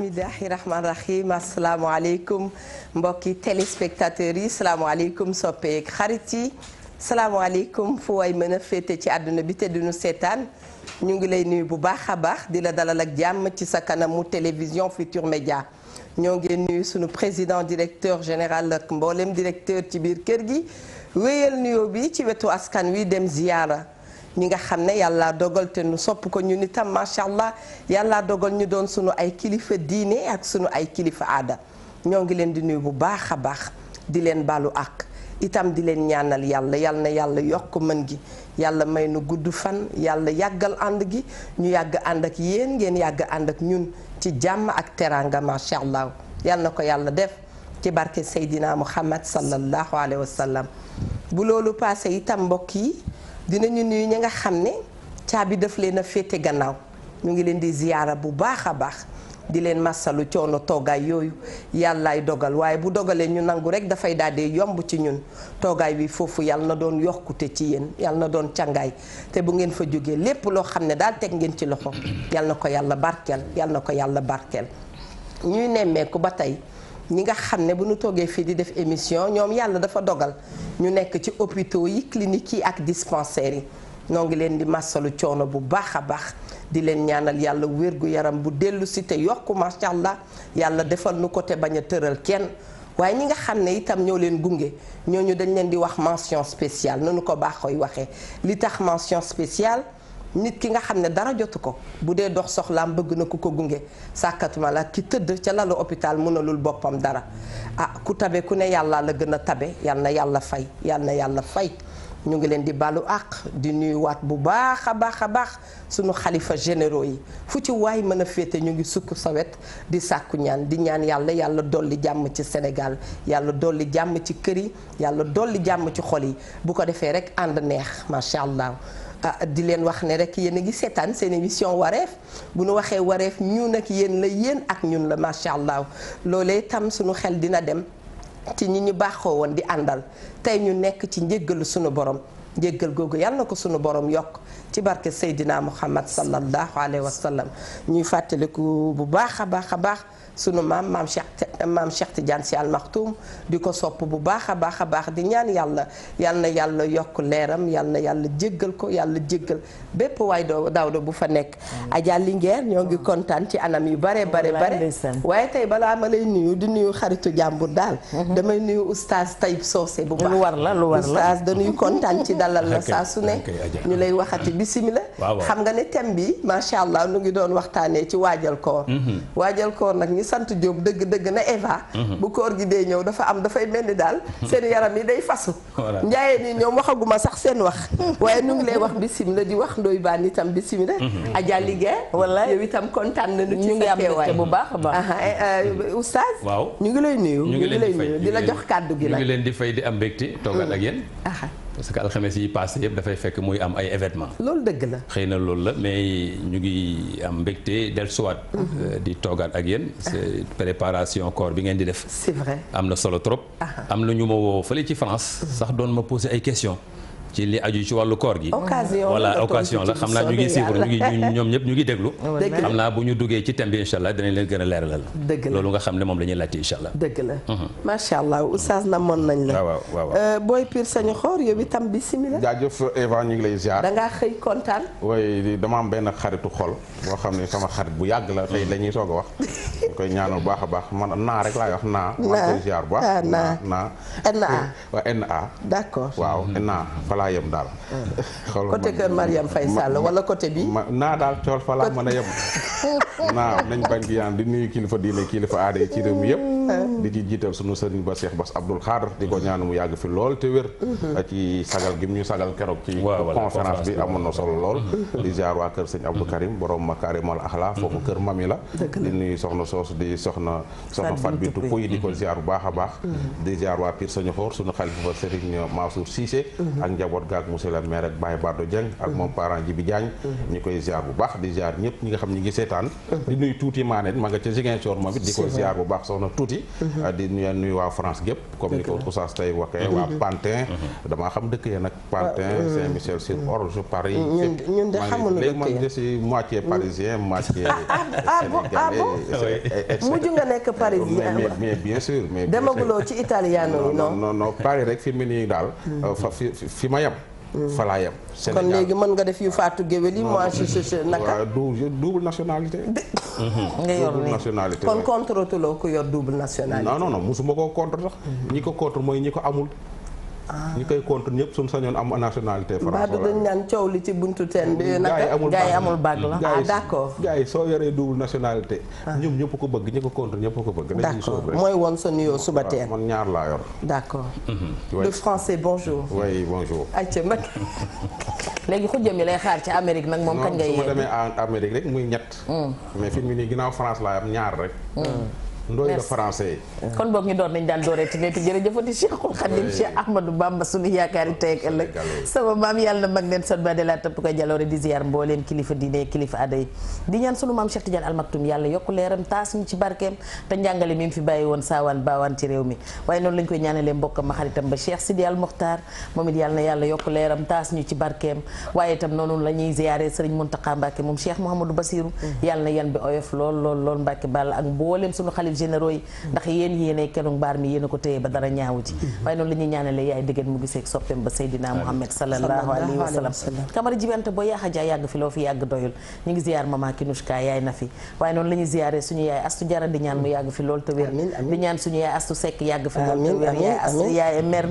bismillahi rahman rahim asalaamaaleykum mbokki téléspectateurs yi salaamaaleykum soppeek xarit yi salaamaaleykum fu way mën féete ci àdduna bi te duñu seetaan ñu ngi lay nuyu bu baax a baax di la dalal ak jàmm ci sa kanamu télévision Futur Média ñoo ngi nuyu suñu président directeur général ak mbooleem directeur ci biir kër gi wéyal nuyoo bi ci wetu askan wi dem ziyaara ñi nga xam ne yàlla dogal te nu sopp ko ñun itam macha allah yàlla dogal ñu doon suñu ay kilifa diine ak suñu ay kilifa aada ñoo ngi leen di nuyu bu baax a baax di leen balu àq itam di leen ñaanal yàlla yal na yàlla yokk mën gi yàlla may nu gudd fan yàlla yàggal ànd gi ñu yàgg ànd ak yéen ngeen yàgg ànd ak ñun ci jàmm ak teraanga macha allah yal na ko yàlla def ci barke Seydina Muhammad sallallahu alayhi wa sallam bu loolu paase itam mbokk yi. dinañu nuyu ñi nga xam ne caabi daf leen a féete gannaaw ñu ngi leen di ziyaara bu baax a baax di leen massalu coono toogaay yooyu yàllaay dogal waaye bu dogalee ñu nangu rek dafay daal yomb ci ñun toogaay bi foofu yàlla na doon yokkute ci yéen yàlla na doon càngaay te bu ngeen fa jógee lépp loo xam ne daal teg ngeen ci loxo yàlla na ko yàlla barkeel yàlla na ko yàlla barkeel ñuy nemmeeku ba tey ñi nga xam ne bu ñu toggee fii di def émission ñoom yàlla dafa dogal ñu nekk ci hôpitaux yi cliniques yi ak dispensaires yi noo ngi leen di massalu coono bu baax a baax di leen ñaanal yàlla wérgu yaram bu dellu si te yokk macha allah yàlla defal nu ko te bañ a tëral kenn waaye ñi nga xam ne itam ñoo leen gunge ñooñu dañ leen di wax mention spéciale nanu ko baaxooy waxee li tax mention spéciale nit ki nga xam ne dara jotu ko bu dee dox soxlaam bëgg na ku ko gunge sàkkatuma la ki tëdd ca lalu hôpital mënalul boppam dara ah ku tabe ku ne yàlla la gën a tabe yal na yàlla fay yal na yàlla fay ñu ngi leen di baalu àq di nuyuwaat bu baax a baax a baax sunu xalifa généraux yi fu ci waay mën a féete ñu ngi sukk sa di sàkku ñaan di ñaan yàlla yàlla dolli jàmm ci Sénégal yàlla dolli jàmm ci kër yi yàlla dolli jàmm ci xol yi bu ko defee rek ànd neex macha allah. ah di leen wax ne rek yéen a ngi seetaan seen émission wareef bu nu waxee wareef ñun ak yéen la yéen ak ñun la macha allah loolee tam suñu xel dina dem ci ñi ñu baaxoo woon di àndal tey ñu nekk ci njëggalu suñu borom njëggal googu yàlla na ko suñu borom yokk ci barke Seydina Muhammad sallallahu alayhi wa sallam ñuy fàttaliku bu baax a baax a baax. sunu maam maam Cheikh maam Cheikh Tidiane Sy Al Maktoum di ko sopp bu baax a baax a baax di ñaan yàlla yàlla na yàlla yokk leeram yal na yàlla jéggal ko yàlla jéggal bépp waay doo dawda bu fa nekk mm. Adja Linguère ñoo ngi mm. kontaan ci anam yu bare bare bare waaye tey balaa ma lay nuyu di nuyu xaritu jàmbur daal mm-hmm. damay nuyu oustaz Tayib soose bu baax lu war la lu war la oustaz kontaan ci dalal la saa su ne ñu lay waxati bisimila xam nga ne thème bi macha allah nu ngi doon waxtaanee ci waajal koor mm-hmm. ñi sant Diop dëgg dëgg na Eva. Mhm. bu koor gi dee ñëw dafa am dafay mel ni daal. Mhm. seen yaram yi day fasu. voilà njaayeen yi ñoom waxaguma sax seen wax. Mhm. waaye ñu ngi lay wax bisim bisimilah di wax ndoy baan itam bisimilah. Adja Liggéey. wala yow itam kontaan nañu ci sa teewaay bu baax a baax. Eh, eh, oustaz. waaw ñu ngi lay nuyu. ñu ngi lay nuyu di la jox kàddu gi la ñu ngi leen di fay di am mbégte toogal ak yéen. parce que alxames yi paase yëpp dafay fekk muy am ay événement loolu dëgg la xëy na loolu la mais ñu ngi am mbégte dellusiwaat. Mhm. Euh, di toogaat ak yéen. c'est préparation corps bi ngeen di def. c'est am na solo trop. am na ñu ma woo fële ci France. Mhm. sax doon ma poser ay questions. ci li aju ci wàllu koor gi. occasion voilà occasion la xam naa ñu ngi suivre ñu ngi ñoom ñëpp ñu ngi déglu. xam naa bu ñu duggee ci thème la loolu nga xam ne moom la ñuy laajte incha dëgg la. Mhm. macha allah na moon nañ la. waaw waaw euh, booy pir sañu xoor yow itam bisimilah. jaajëf Eva ñu ngi lay ziar. da ngaa xëy kontaan. oui dama am benn xaritu xol boo xam ne sama xarit bu yàgg la tey la ñuy soog a wax. ñu koy ñaanal baax a baax man naa rek laay wax naa. naa naa naa naa naa naa naa naa naa naa naa naa naa laa yem daal. Ah. xool côté kër Mariam Faye Sall wala côté bi. naa daal cool fa mën a yem. naa nañ bañ di yaan di nuyu kilifa diine kilifa aada yi ci réew mi yëpp. Ah. di ci jiital sunu sëriñ ba Cheikh Bass Abdoul Khadr di ko ñaan yàgg fi lool te wér. Mm-hmm. ci sagal gi mu ñu sagal keroog ci. conférence bi amoon na solo lool. Mm-hmm. di ziar waa kër sëñ Abdou Karim borom Makarimal Axla foofu mm-hmm. kër mami la. di nuyu soxna soosu di soxna. na Fat Bintou Pouy di ko ziar bu baax a baax. di ziar waa Pire Sañoxoor sunu xalifa Serigne Mansour njaboot gaak monsieur le maire ak Baye Bardo Dieng ak moom parent Jibi Diagne mhm. ñu koy ziar bu baax di ziar ñëpp ñi nga xam ñi ngi seetaan mhm. di nuy tuuti maanet ma nga ca Ziguinchor moom it di ko ziar bu baax soxna tuuti mhm. di nuyu nuyu waa France gépp comme ni ko Oustaz tey waxee waa Pantin damaa xam dëkk ya nag Pantin euh, Saint-Michel sur euh, Orge parisien moitié nga nekk parisien mais ah, bien sûr mais demaguloo ci italiano yi non non non Paris rek fi mu nii daal mm. fi ma ma yem. Mm. fa laa yem. Sénégal kon léegi mën nga def yu faatu géwél yi moi je naka. double nationalité. Mm-hmm. nga yor nii kon contre tuloo ko yor double nationalité. non non non koo contre sax. Mm-hmm. ñi ko contre mooy ñi ko amul. ñi koy contre ñëpp suñu sañoon am nationalité française. wala dañu naan coow ah, soo yoree double nationalité. Ah. ñoom ñëpp ko bëgg ñi ko contre ko bëgg. d'accord mooy woon sa nuyoo suba teen. man ñaar laa yor. d'accord. Mm-hmm. le français bonjour. oui bonjour. ayca mag léegi xujjam yi mm. mu nii ginnaaw France laa am ñaar rek. Mm. ndooy la français kon boog ñu doon nañ daan dooree ti neeti jërëjëfati Cheikhul Khadim Cheikh Ahmadou yaakaari tey ak ëllëg sama maam yàlla mag neen sot ba de la tëpp ko jaloore di ziar mbooleem kilifa diine kilifa aday di ñaan sunu maam Cheikh Tidiane Almaktoum yàlla yàlla na yàlla yokku taas ñu ci barkeem waaye itam noonu la ñuy ziare Sëriñ Mountakha Mbacké moom Cheikh Mouhamadou Bassirou mm. yàlla na yan bi oyof lool lool lool Mbacké ak mbooleem sunu xalif généraux yi mm-hmm. ndax yéen yéenay keroog mbaar mi yéen ko téye ba dara ñaawu ci mm-hmm. waaye noonu la ñuy ñaanalee yaay dëggan mu gisee soppeem ba a jaay yàgg fi loo fi yàgg doyul ñu ngi ziyaar mama Kinushka yaay la ñuy ziyaaree suñu yaay astu jara di ñaan mu mm-hmm. yàgg fi loolu te fi loolu te wér yaay astu yaay mer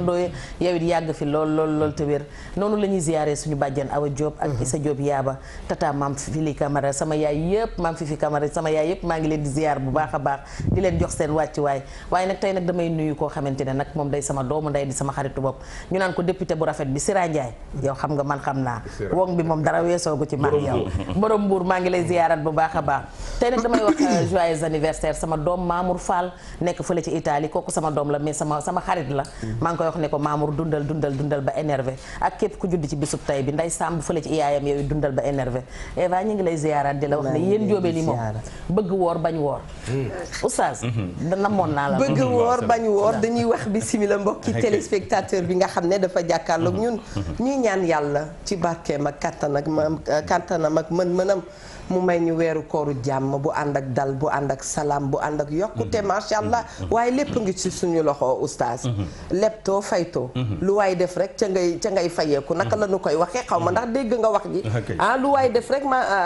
la ñuy ziyaaree suñu bàjjan Awa Diop ak Issa Diop yaaba tata Fili Camara sama yaay yëpp maam Fifi Camara sama yaay yëpp maa ngi leen di ziyaar bu baax a baax di leen jox seen wàccuwaay waaye nag tey nag damay nuyu koo xamante ne nag moom day sama doomu nday di sama xaritu bopp ñu naan ko député bu rafet bi Sira Ndiaye xam nga man xam naa wong bi moom dara weesoogu ci man yow borom mbuur maa ngi lay ziyaarat bu baax a baax tey nag damay euh, sama doom Mamour Fall nekk fële ci Italie kooku sama doom la mais sama sama xarit la maa ngi koy wax ne ko Mamour dundal dundal dundal ba énervé ak képp ku judd ci bisub tay bi nday sàmb fële ci iyaayam yooyu dundal ba énervé Eva ñu ngi lay ziyaarat di la wax ne yéen jóobeen yi moom oustaz. Mm-hmm. namoon naa la bëgg mm-hmm. woor bañ woor dañuy wax bi bisimilah mbokki téléspectateur bi nga xam ne dafa jàkkaarloog mm-hmm. ñun. ñuy ñaan yàlla ci barkeem ak kattanam ak mën mënam. mu may ñu weeru kooru jàmm bu ànd ak dal bu ànd ak salaam bu ànd ak yokkute mhm. macha allah mhm. mhm. waaye lépp ngi ci suñu loxo oustaz leptoo faytoo lu waay def rek ca ngay ca ngay fayeeku naka la ñu koy waxee xaw ma ndax dégg nga wax ji ah lu waay def rek ma ah,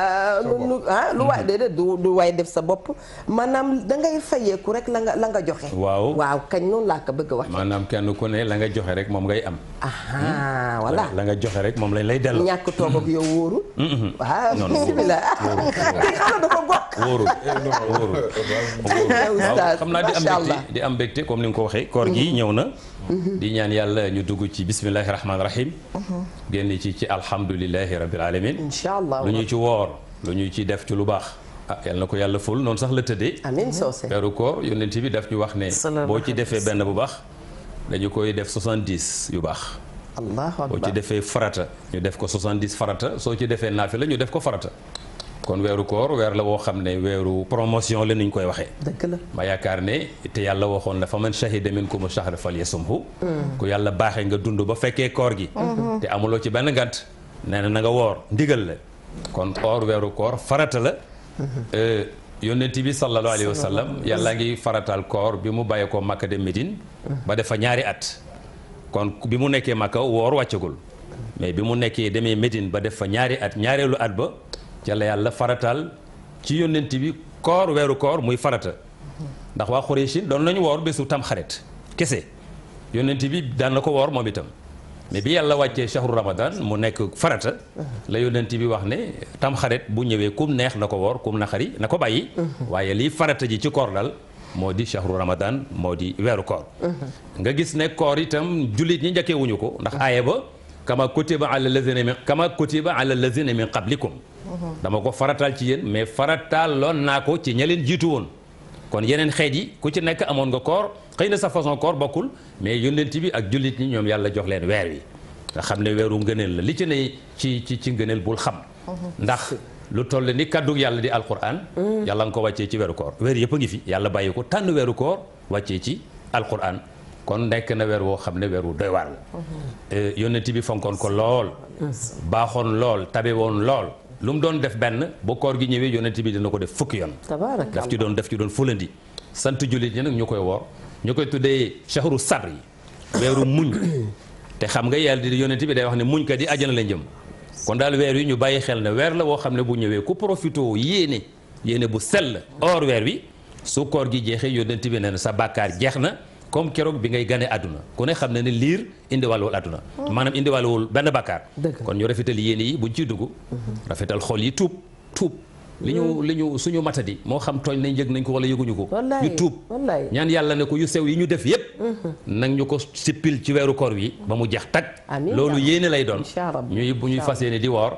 ah, ah lu waay du waay def sa bopp maanaam dangay ngay fayeeku rek la nga la nga joxe waaw waaw kañ noonu laa ko bëgg a wax maanaam kenn ku ne la nga joxe rek moom ngay am ah voilà la nga joxe rek moom lañ lay dellu ñàkk toog yow wóoru mm-hmm. waaw bismillah wóorul dafa bokk. xam naa di am mbégte di am comme ni nga ko waxee. koor gi ñëw na. Mhm. di ñaan yàlla ñu dugg ci bismillahi rahmaani rahim. Mhm. génn ci ci alhamdulilahi rabbil alamin. incha allah lu ñu ci woor lu ñu ci def ci lu baax. ah yal ko yàlla ful noonu sax la tëddee. amiin soose. weeru ñu wax ne. boo ci defee benn bu baax. dañu koy def 70 yu baax. allah boo ci defee farata. ñu def ko 70 farata soo ci defee naafi la ñu def ko farata. kon weeru koor weer la woo xam ne weeru promotion la ni koy waxee. dëgg ma yaakaar ne te yàlla waxoon na fa man shahida minkum shahra falyasumhu mm. ku yàlla baaxee nga dund ba fekkee koor gi. Mm-hmm. Mm-hmm. te amuloo ci benn ngant nee na na nga woor ndigal la kon or weeru koor farata la. Mm-hmm. Euh, yónnent bi sallallahu alayhi wa sallam yàlla ngi faratal koor bi mu bàyyeekoo Makka dem Médine. ba def fa ñaari at. kon bi mu nekkee Makka woor wàccagul mais bi mu nekkee demee Médine ba def fa ñaari at ñaareelu at ba. ca la yàlla farataal ci yónnent bi koor weeru koor muy farata ndax waa Xuraysin doon nañu woor bésu tamxarit kese yónnent bi daan na ko woor moom itam mais bi yàlla wàccee shahru ramadan mu nekk farata la yónnent bi wax ne tamxarit bu ñëwee kum neex na ko woor kum xari na ko bàyyi waaye lii farata ji ci koor daal moo di shahru ramadan moo di weeru koor nga gis ne koor itam jullit ñi njëkkee ko ndax aaye ba kama kutiba ala lazina min kama kutiba ala dama ko farataal ci yéen mais farataal farataaloon naa ko ci ña leen jiitu woon kon yeneen xeet yi ku ci nekk amoon nga koor xëy na sa façon koor bokkul mais yónnent bi ak jullit ñi ñoom yàlla jox leen weer wi nga xam ne weeru ngëneel la li ci ne ci ci ci ngëneel bul xam ndax lu toll ni kaddu yàlla di alquran yàlla nga ko wàccee ci weeru koor weer yëpp a ngi fi yàlla bàyyi ko tànn weeru koor wàccee ci alquran kon nekk na weer woo xam ne weer wu doy waar mhm. euh, bi fonkoon ko lool lool tabe woon lool lu mu doon def benn bu koor gi ñëwee yonent bi dina ko def fukki yoon daf ci doon daf ci doon fulandi sant jullit yi nag ñu koy woor ñu koy tuddee shahru sabr yi weeru muñ te xam nga yàlla di yonent bi day wax ne muñ ka di àjjana la jëm kon daal weer yi ñu bàyyi xel ne weer la woo xam ne bu ñëwee ku profité yéene yéene bu sell or weer wi su koor gi jeexee yonent bi nee na sa bàkkaar jeex na comme keroog bi ngay gane àdduna ku ne xam na ne liir indiwàllowul àdduna oh. maanaam indiwàllowul benn bàkkaar kon ñu rafetal yéene yi buñ ci dugg mm-hmm. rafetal xool yi tuub tuub li ñu mm-hmm. li ñu suñu matadi moo xam tooñ nañ jëg nañ ko wala yëguñu ko ñu tuub ñaan yàlla ne ko yu sew yi ñu def yépp mm-hmm. nag ñu ko sippil ci weeru koor wi ba mu jeex tag loolu yéene lay doon ñuy bu ñuy fas yéene di woor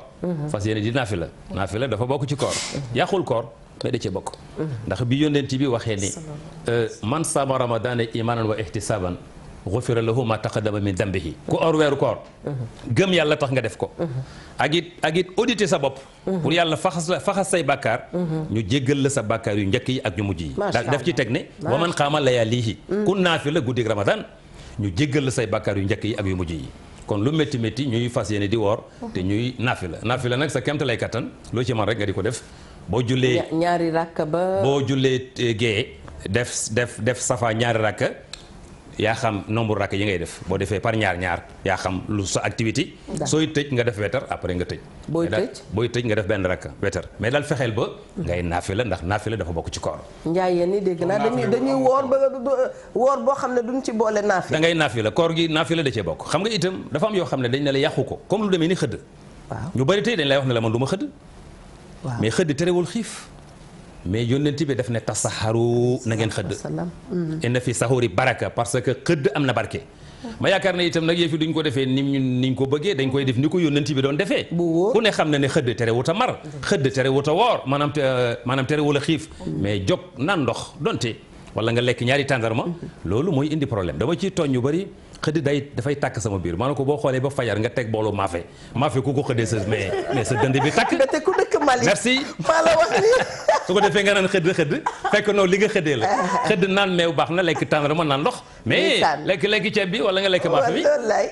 fas yéene di naafila naafila dafa bokk ci koor yàqul koor mais da cee bokk ndax bi yónent bi waxee ni man saama ramadaana imaanan wa ihtisaaban xufira lahu ma taqaddama min dambihi ku or weeru koor gëm yàlla tax nga def ko ak it sa bopp pour yàlla faxas la faxas say bàkkaar ñu jéggal la sa bàkkaar yu njëkk yi ak ñu mujj yi ndax daf ci teg ne wa man xaama layaalihi mm. ku naafila ñu jéggal la say yu njëkk yi ak yu mujj yi kon lu métti métti ñuy fas yéene di woor te ñuy naafila naafila nag sa kemta kattan loo ci man rek nga di ko def boo jullee ñaari rakk ba. boo jullee eh, gée def def def safa ñaari rakk yaa xam nombre rakk yi ngay def boo defee par ñaar ñaar yaa xam lu sa activité. sooy tëj nga def wetar après nga tëj. booy tëj booy tëj nga def benn rakk wetar mais daal fexeel ba. ngay la ndax la dafa bokk ci koor. njaay yéen ni dégg naa dañuy dañuy woor ba woor boo xam ne duñ ci boole naafila. da ngay naafila koor gi naafila da cee bokk xam nga itam dafa am yoo xam ne dañ ne la yàqu ko comme lu ni xëdd. waaw ñu bari dañ lay wax ne la man du ma xëdd mais xëdd terewul xiif. mais yónnent bi daf ne tasaxaru na ngeen xëdd. Mm-hmm. inna fi saxuri baraka parce que xëdd am na barke. ma yaakaar na itam nag yëf yi duñ ko defee ni ñu ni ñu ko bëggee dañ koy def ni ko yónnent bi doon defee. ku ne xam na ne xëdd terewut a mar. Mm-hmm. xëdd terewut a woor maanaam tere terewul a xiif. Mm-hmm. mais jog nan ndox donte wala nga lekk ñaari tàndarma. loolu mooy indi problème dama ciy tooñ yu bari. xëdd day dafay takk sama biir maanaam ko boo xoole ba fajar nga teg boolu maafe maafe ku ko xëddee sa Malick merci maa la wax ni su ko defee nga naan xëdd xëdd fekk noonu li nga xëddee la ah. xëdd naan meew baax na lekk tàndarma naan ndox mais lekk lekk ceeb bi wala nga lekk maafe bi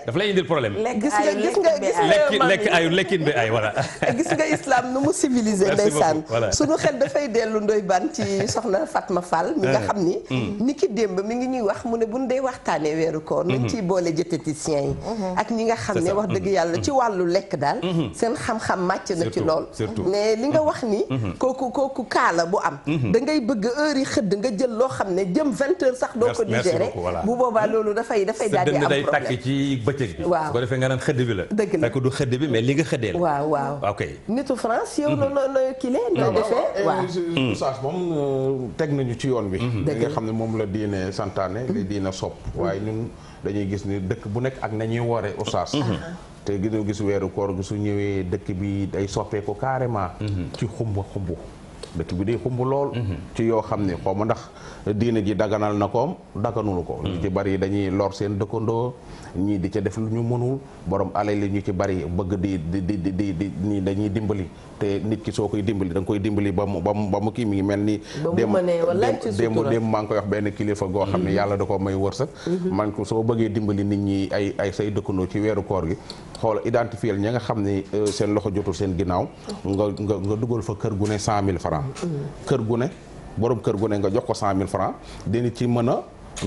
daf lay indil problème gis nga gis nga gis nga lekk ayu lekkin bi ay voilà gis nga islam nu mu civilisé ndeysaan suñu xel dafay dellu ban ci soxna Fatma Fall mi nga eh. xam ni hmm. ni ki démb mi ngi ñuy wax mu ne buñ dee waxtaanee weeru koor nañ hmm. ciy boole diététicien yi hmm. ak ñi nga xam ne wax dëgg yàlla ci wàllu lekk daal seen xam-xam màcc na ci lool mais li nga wax ni mhm. Mhm. kooku kooku kaala bu am mhm. da ngay bëgg heure yi xëdd nga jël loo xam ne jëm vingt sax doo ko digéré bu boobaa loolu dafay dafay daal di am problème day tàkk ci bëccëg bi ko defee nga naan xëdd bi la dëgg la fekk du xëdd bi mais li nga xëddee la waaw waaw ok nitu France yow la la kile la defee waaw eh, moom euh, teg nañu ci yoon bi li xam ne moom la diine santaane li diina sopp waaye ñun dañuy gis ni dëkk bu nekk ak nañuy woore oustaz te gis weeru koor gi su ñëwee dëkk bi day soppeeku carrément. Mm-hmm. ci xumba xumb dëkk bi day xumb lool. ci yoo xam ne xaw ma ndax diine ji daganal na koom daganulu ko. Hmm. ñu ci bari dañuy lor seen dëkkandoo ñii di ca def ñu mënul borom alal li ñu ci bari bëgg di di di di di ñii dañuy dimbali te nit ki soo koy dimbali da nga koy dimbali ba mu ba ba mu kii mi ngi mel ni. démb démb démb maa ngi koy wax benn kilifa goo xam ne hmm. yàlla da ko may wërsëg. Hmm. man ko soo bëggee dimbali nit ñi ay ay say dëkkandoo ci weeru koor gi xoola identifier ña nga xam ne euh, seen loxo jotu seen ginnaaw nga nga nga dugal fa kër gu ne cent mille francs kër gu ne borom kër gu ne nga jox ko cent mille francs dina ci mën a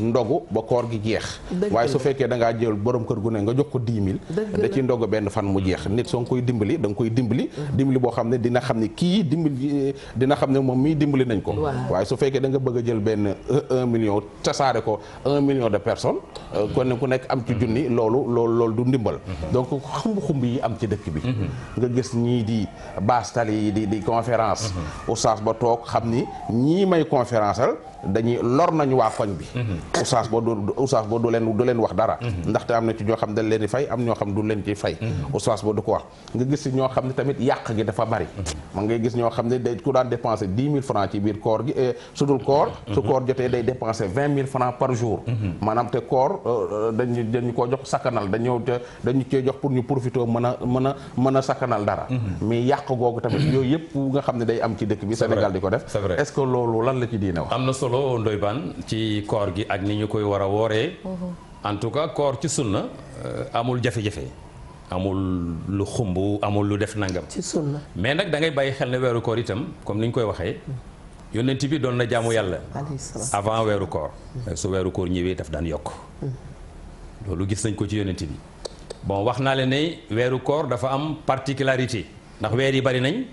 ndogu ba koor gi jeex waaye su fekkee da ngaa jël boroom kër gu ne nga jox ko 10000 da ci ndogu benn fan mu jeex nit soo ngi koy dimbali da nga koy dimbali mm-hmm. dimbali boo xam ne dina xam ne kii dimbali dina xam ne moom mii dimbali nañ ko waaye su fekkee danga nga bëgg a jël benn un million tasaare ko un million de personnes euh, kon ku nekk am ci junni loolu lool loolu du ndimbal mm-hmm. donc xumb-xumb yi am ci dëkk bi mm-hmm. nga gis ñii di baastali yi di di conférence oustaz ba toog xam ni ñii may conférence dañuy lor nañu waa koñ bi mhm. oustaz boo du oustaz boo du leen wax dara mhm. ndaxte am na ci ñoo xam dañ leen di fay am ñoo xam du leen mhm. ko ne tamit yàq gi dafa bari man ngay ne day ku daan dépensé dix mille francs ci biir koor gi eh, su dul koor su koor jotee day dépensé vingt mille francs par jour maanaam te koor euh, euh, dañu dañu koo jox sakkanal dañu cee jox pour ñu profité mën a mën a mën a sakkanal dara mais yàq googu tamit yooyu yëpp nga xam ne day am ci dëkk bi Sénégal di ko def est-ce que loolu lan la ci diine wax solo Ndoye Bane ci koor gi ak ni ñu koy war a wooree. en tout cas koor ci sunna euh, amul jafe-jafe. amul lu xumb amul lu def nangam. ci sunna mais nag da ngay bàyyi xel ne weeru koor itam comme ni ñu koy waxee. yónneent bi doon na jàmm yàlla. avant weeru koor. su weeru koor daf daan yokk. loolu gis nañ ko ci yónneent bi. bon wax naa leen ne weeru koor dafa am particularité ndax weer yi bari nañ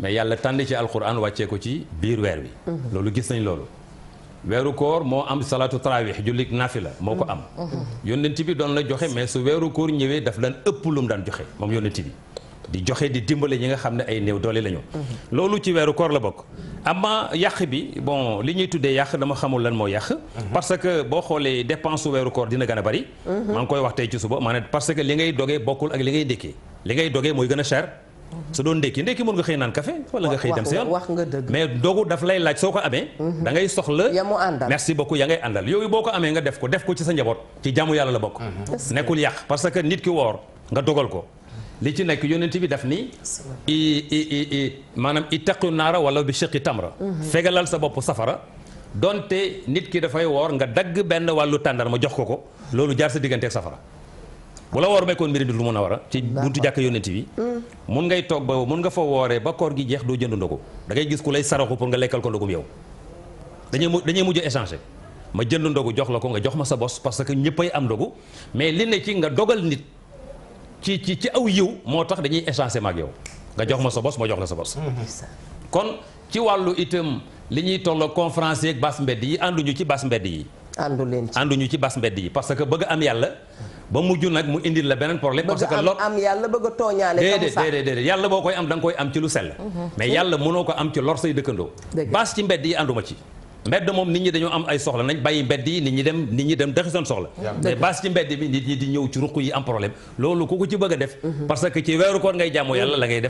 mais yàlla tànn ci alxuraan wàccee ko ci biir weer wi. loolu gis nañ loolu. weeru koor moo am salaatu tarawih jullit la moo ko am mm-hmm. mm-hmm. yónnent bi doon la joxe mais su weeru koor ñëwee daf daan ëpp lu daan joxe moom yónnent bi di joxe di dimbale ñi nga xam ne ay néew doole lañu mm-hmm. loolu ci weeru koor la bokk ama yàq bi bon li ñuy tuddee yàq dama xamul lan moo yàq parce que boo xoolee dépense su weeru koor dina gën a bari maa ngi koy wax tey ci suba maanaam parce que li ngay dogee bokkul ak li ngay ndékkee li ngay dogee mooy gën a su doon ndékki ndékki mën nga xëy naan kafe wala nga xëy dem si yoon nga dëgg mais dogu daf lay laaj soo ko amee mhm. da ngay soxla ya mu àndal merci beaucoup ya ngay àndal yooyu boo ko amee nga def ko def ko ci sa njaboot ci jaamu yàlla la bokk mhm. nekkul yàq parce que nit ki woor nga dogal ko li ci nekk yonent bi daf nii i i i maanaam ittaqu naara wala bi shiqi tamra mhm. fegalal sa bopp safara donte nit ki dafay woor nga dagg benn wàllu tàndar ma jox ko ko loolu jaar sa digganteeg safara bu la woor bekkoon mbiri di lu mun a war ci buntu jàkk yónnent bi hmm. mun ngay toog ba mun nga fa wooree ba koor gi jeex doo jënd ndogu da ngay gis ku lay saraxu pour nga lekkal ko ndogum yow dañuy dañuy mujj échanger ma jënd ndogu jox la ko nga jox ma sa bos parce que ñëppay am ndogu mais li ne ci nga dogal nit ci ci ci aw yiw moo tax dañuy échanger maag yow nga jox ma sa bos ma jox la sa bos hmm. kon ci wàllu itam li ñuy toll conférence yeeg baas mbedd yi ànduñu ci bas mbedd yi àndu leen ci ànduñu mbedd yi parce que bëgg am yàlla ba mujj nag mu indil la beneen problème parce que lot am yàlla bëgg yàlla boo koy am da koy am ci lu sell mhm. mais yàlla mënoo ko am ci lor say dëkkandoo bas ci mbedd yi ànduma ci mbedd moom nit ñi dañoo am ay soxla nañ bàyyi mbedd yi nit ñi dem nit ñi dem dexi seen soxla mais bas ci mbedd bi nit ñi di ñëw ci ruq yi am problème loolu ku ko ci bëgg a def mhm. parce que ci weeru koor ngay jàmmoo yàlla la ngay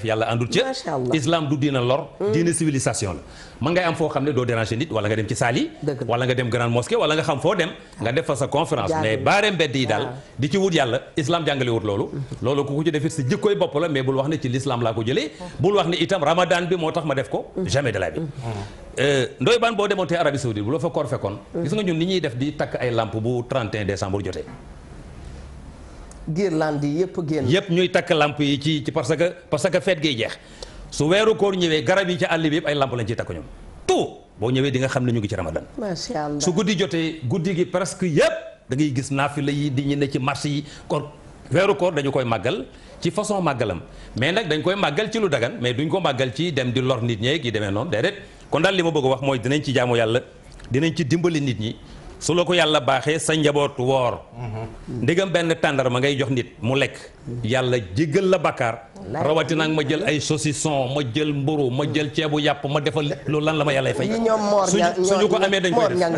mën ngay am foo xam ne doo déranger nit wala nga dem ci salle yi wala nga dem grande mosquée wala nga xam foo dem ah. nga def fa sa conférence mais baare mbedd yi daal ah. di ci wut yàlla islam jàngale wut loolu mm-hmm. loolu ku ko ci defit sa jikkoy bopp la mais bul wax ne ci l'islam laa ko jëlee ah. bul wax ne itam ramadan bi moo tax ma def ko mm-hmm. jamais de la mm-hmm. euh, ndoy baan boo demoon tey Arabie Saoudite la fa koor fekkoon gis nga ñun ni ñuy def di takk ay lamp bu 31 décembre jotee guirlande yi yëpp génn yëpp ñuy takk lamp yi ci ci parce que parce que fête gi su weeru koor ñëwee garab yi ci àll bi yëpp ay lamp lañ ciy takk ñoom tout boo ñëwee di nga xam ne ñu ngi ci ramadan macha allah su guddi jotee guddi gi presque yëpp da ngay gis naafila yi di ñu ne ci marché yi kon weeru koor dañu koy màggal ci façon màggalam mais nag dañ koy màggal ci lu dagan mais duñ ko màggal ci dem di lor nit ñeeg yi demee noonu déedéet kon daal li ma bëgg a wax mooy dinañ ci jaamu yàlla dinañ ci dimbali nit ñi su la ko yàlla baaxee sa njaboot woor mhm. ndigam benn tàndarma ngay jox nit mu lekk yàlla jéggal la bakkaar rawatina ma jël ay saucisson ma jël mburu ma jël ceebu yàpp ma defal loolu lan la ma yàlla fay suñu ko amee dañ koy def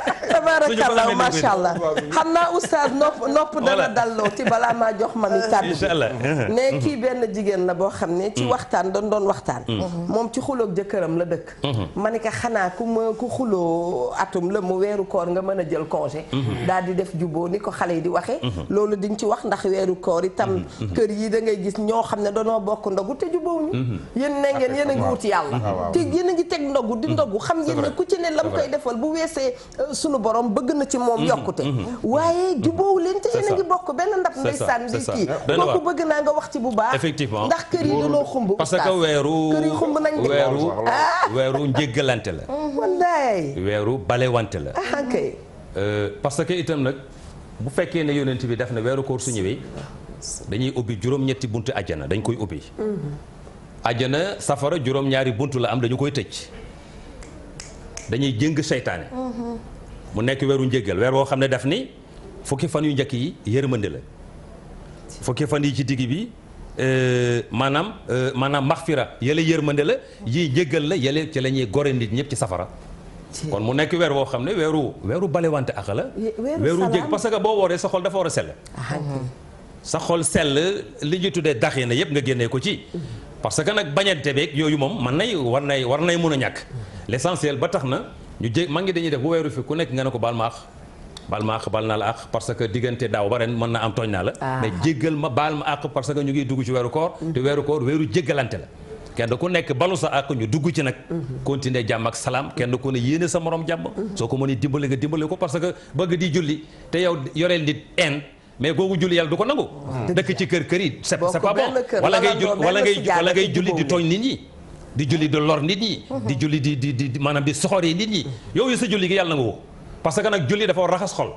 tabarakallah macha allah xam naa oustaz nopp nopp dana dalloo ci balaa maa jox mami kàddu bi ne kii benn jigéen la boo xam ne ci mm. waxtaan doon doon waxtaan mm. mm-hmm. moom ci xuloog jëkkëram la dëkk mm-hmm. ma ne ko xanaa ku ku xuloo atum la mu weeru koor nga mën a jël congé mm-hmm. daal di def juboo ni ko xale yi di waxee loolu diñ ci wax ndax weeru koor itam kër yi da ngay gis ñoo xam ne danoo bokk ndogu te jubóowuñu yéen ne ngeen yéen a ngi wut yàlla ah, te yéen a ngi teg ndogu di ndogu xam ngeen ku ci ne lam koy defal bu weesee euh, sunu borom morom bëgg na ci moom mhm. yokkute mhm. Mhm. waaye jubóowu leen te yéen bokk benn ndab ndeysaan di kii eh, kooku bëgg naa nga wax ci bu baax effectivement ndax kër yi dañoo xumb parce que weeru kër yi weeru njéggalante la mm-hmm. weeru balewante la ah, kay euh, parce que itam nag bu fekkee ne yonent bi def na weeru koor su ñëwee dañuy ubbi juróom-ñetti buntu àjjana dañ koy ubbi mm-hmm. àjjana safara juróom-ñaari buntu la am dañu koy tëj dañuy jëng seytaane mm-hmm. mu nekk weeru njëggal weer woo xam ne daf nii fukki fan yu njëkk yi yërmande la fukki fan yi ci digg bi euh, maanaam euh, maanaam maxfira yële yërmande la yii njëggal la yële ci la ñuy gore nit ñëpp ci safara kon mu nekk weer woo xam ne weeru weeru balewante ak la weeru njëg parce que boo wooree sa xol dafa war a sell ah, mhm. sa xol sell li ñuy tuddee daxi na yëpp nga génnee ko ci mhm. parce que nag bañante beeg yooyu moom man nay war nay war nay mun a ñàkk mhm. ba tax ñu jé mag ngi dañuy def bu weeru fi ku nekk nga ne ko baal ma àq baal ma àq baal naa la àq parce que diggante daaw ba ren mën naa am tooñ naa la ah. mais jéggal ma baal ma àq parce que ñu ngi dugg ci weeru koor mm-hmm. te weeru koor weeru jéggalante la kenn ku nekk balu sa àq ñu dugg ci nag mm-hmm. continuer jàmm ak salaam kenn ku ne yéene sa moroom jàmm mm-hmm. soo ko mën mënee dimbale nga dimbale ko parce que bëgg di julli te yow yoreel nit en mais googu julli yàlla du ko nangu dëkk ci kër kër yi c'est pas bon wala ngay wala ngay julli di tooñ ñi di julli di lor nit ñi. di julli di di di maanaam di soxoree nit ñi. yow yi sa julli gi yàlla nangu ko parce que nag julli dafa war raxas xol.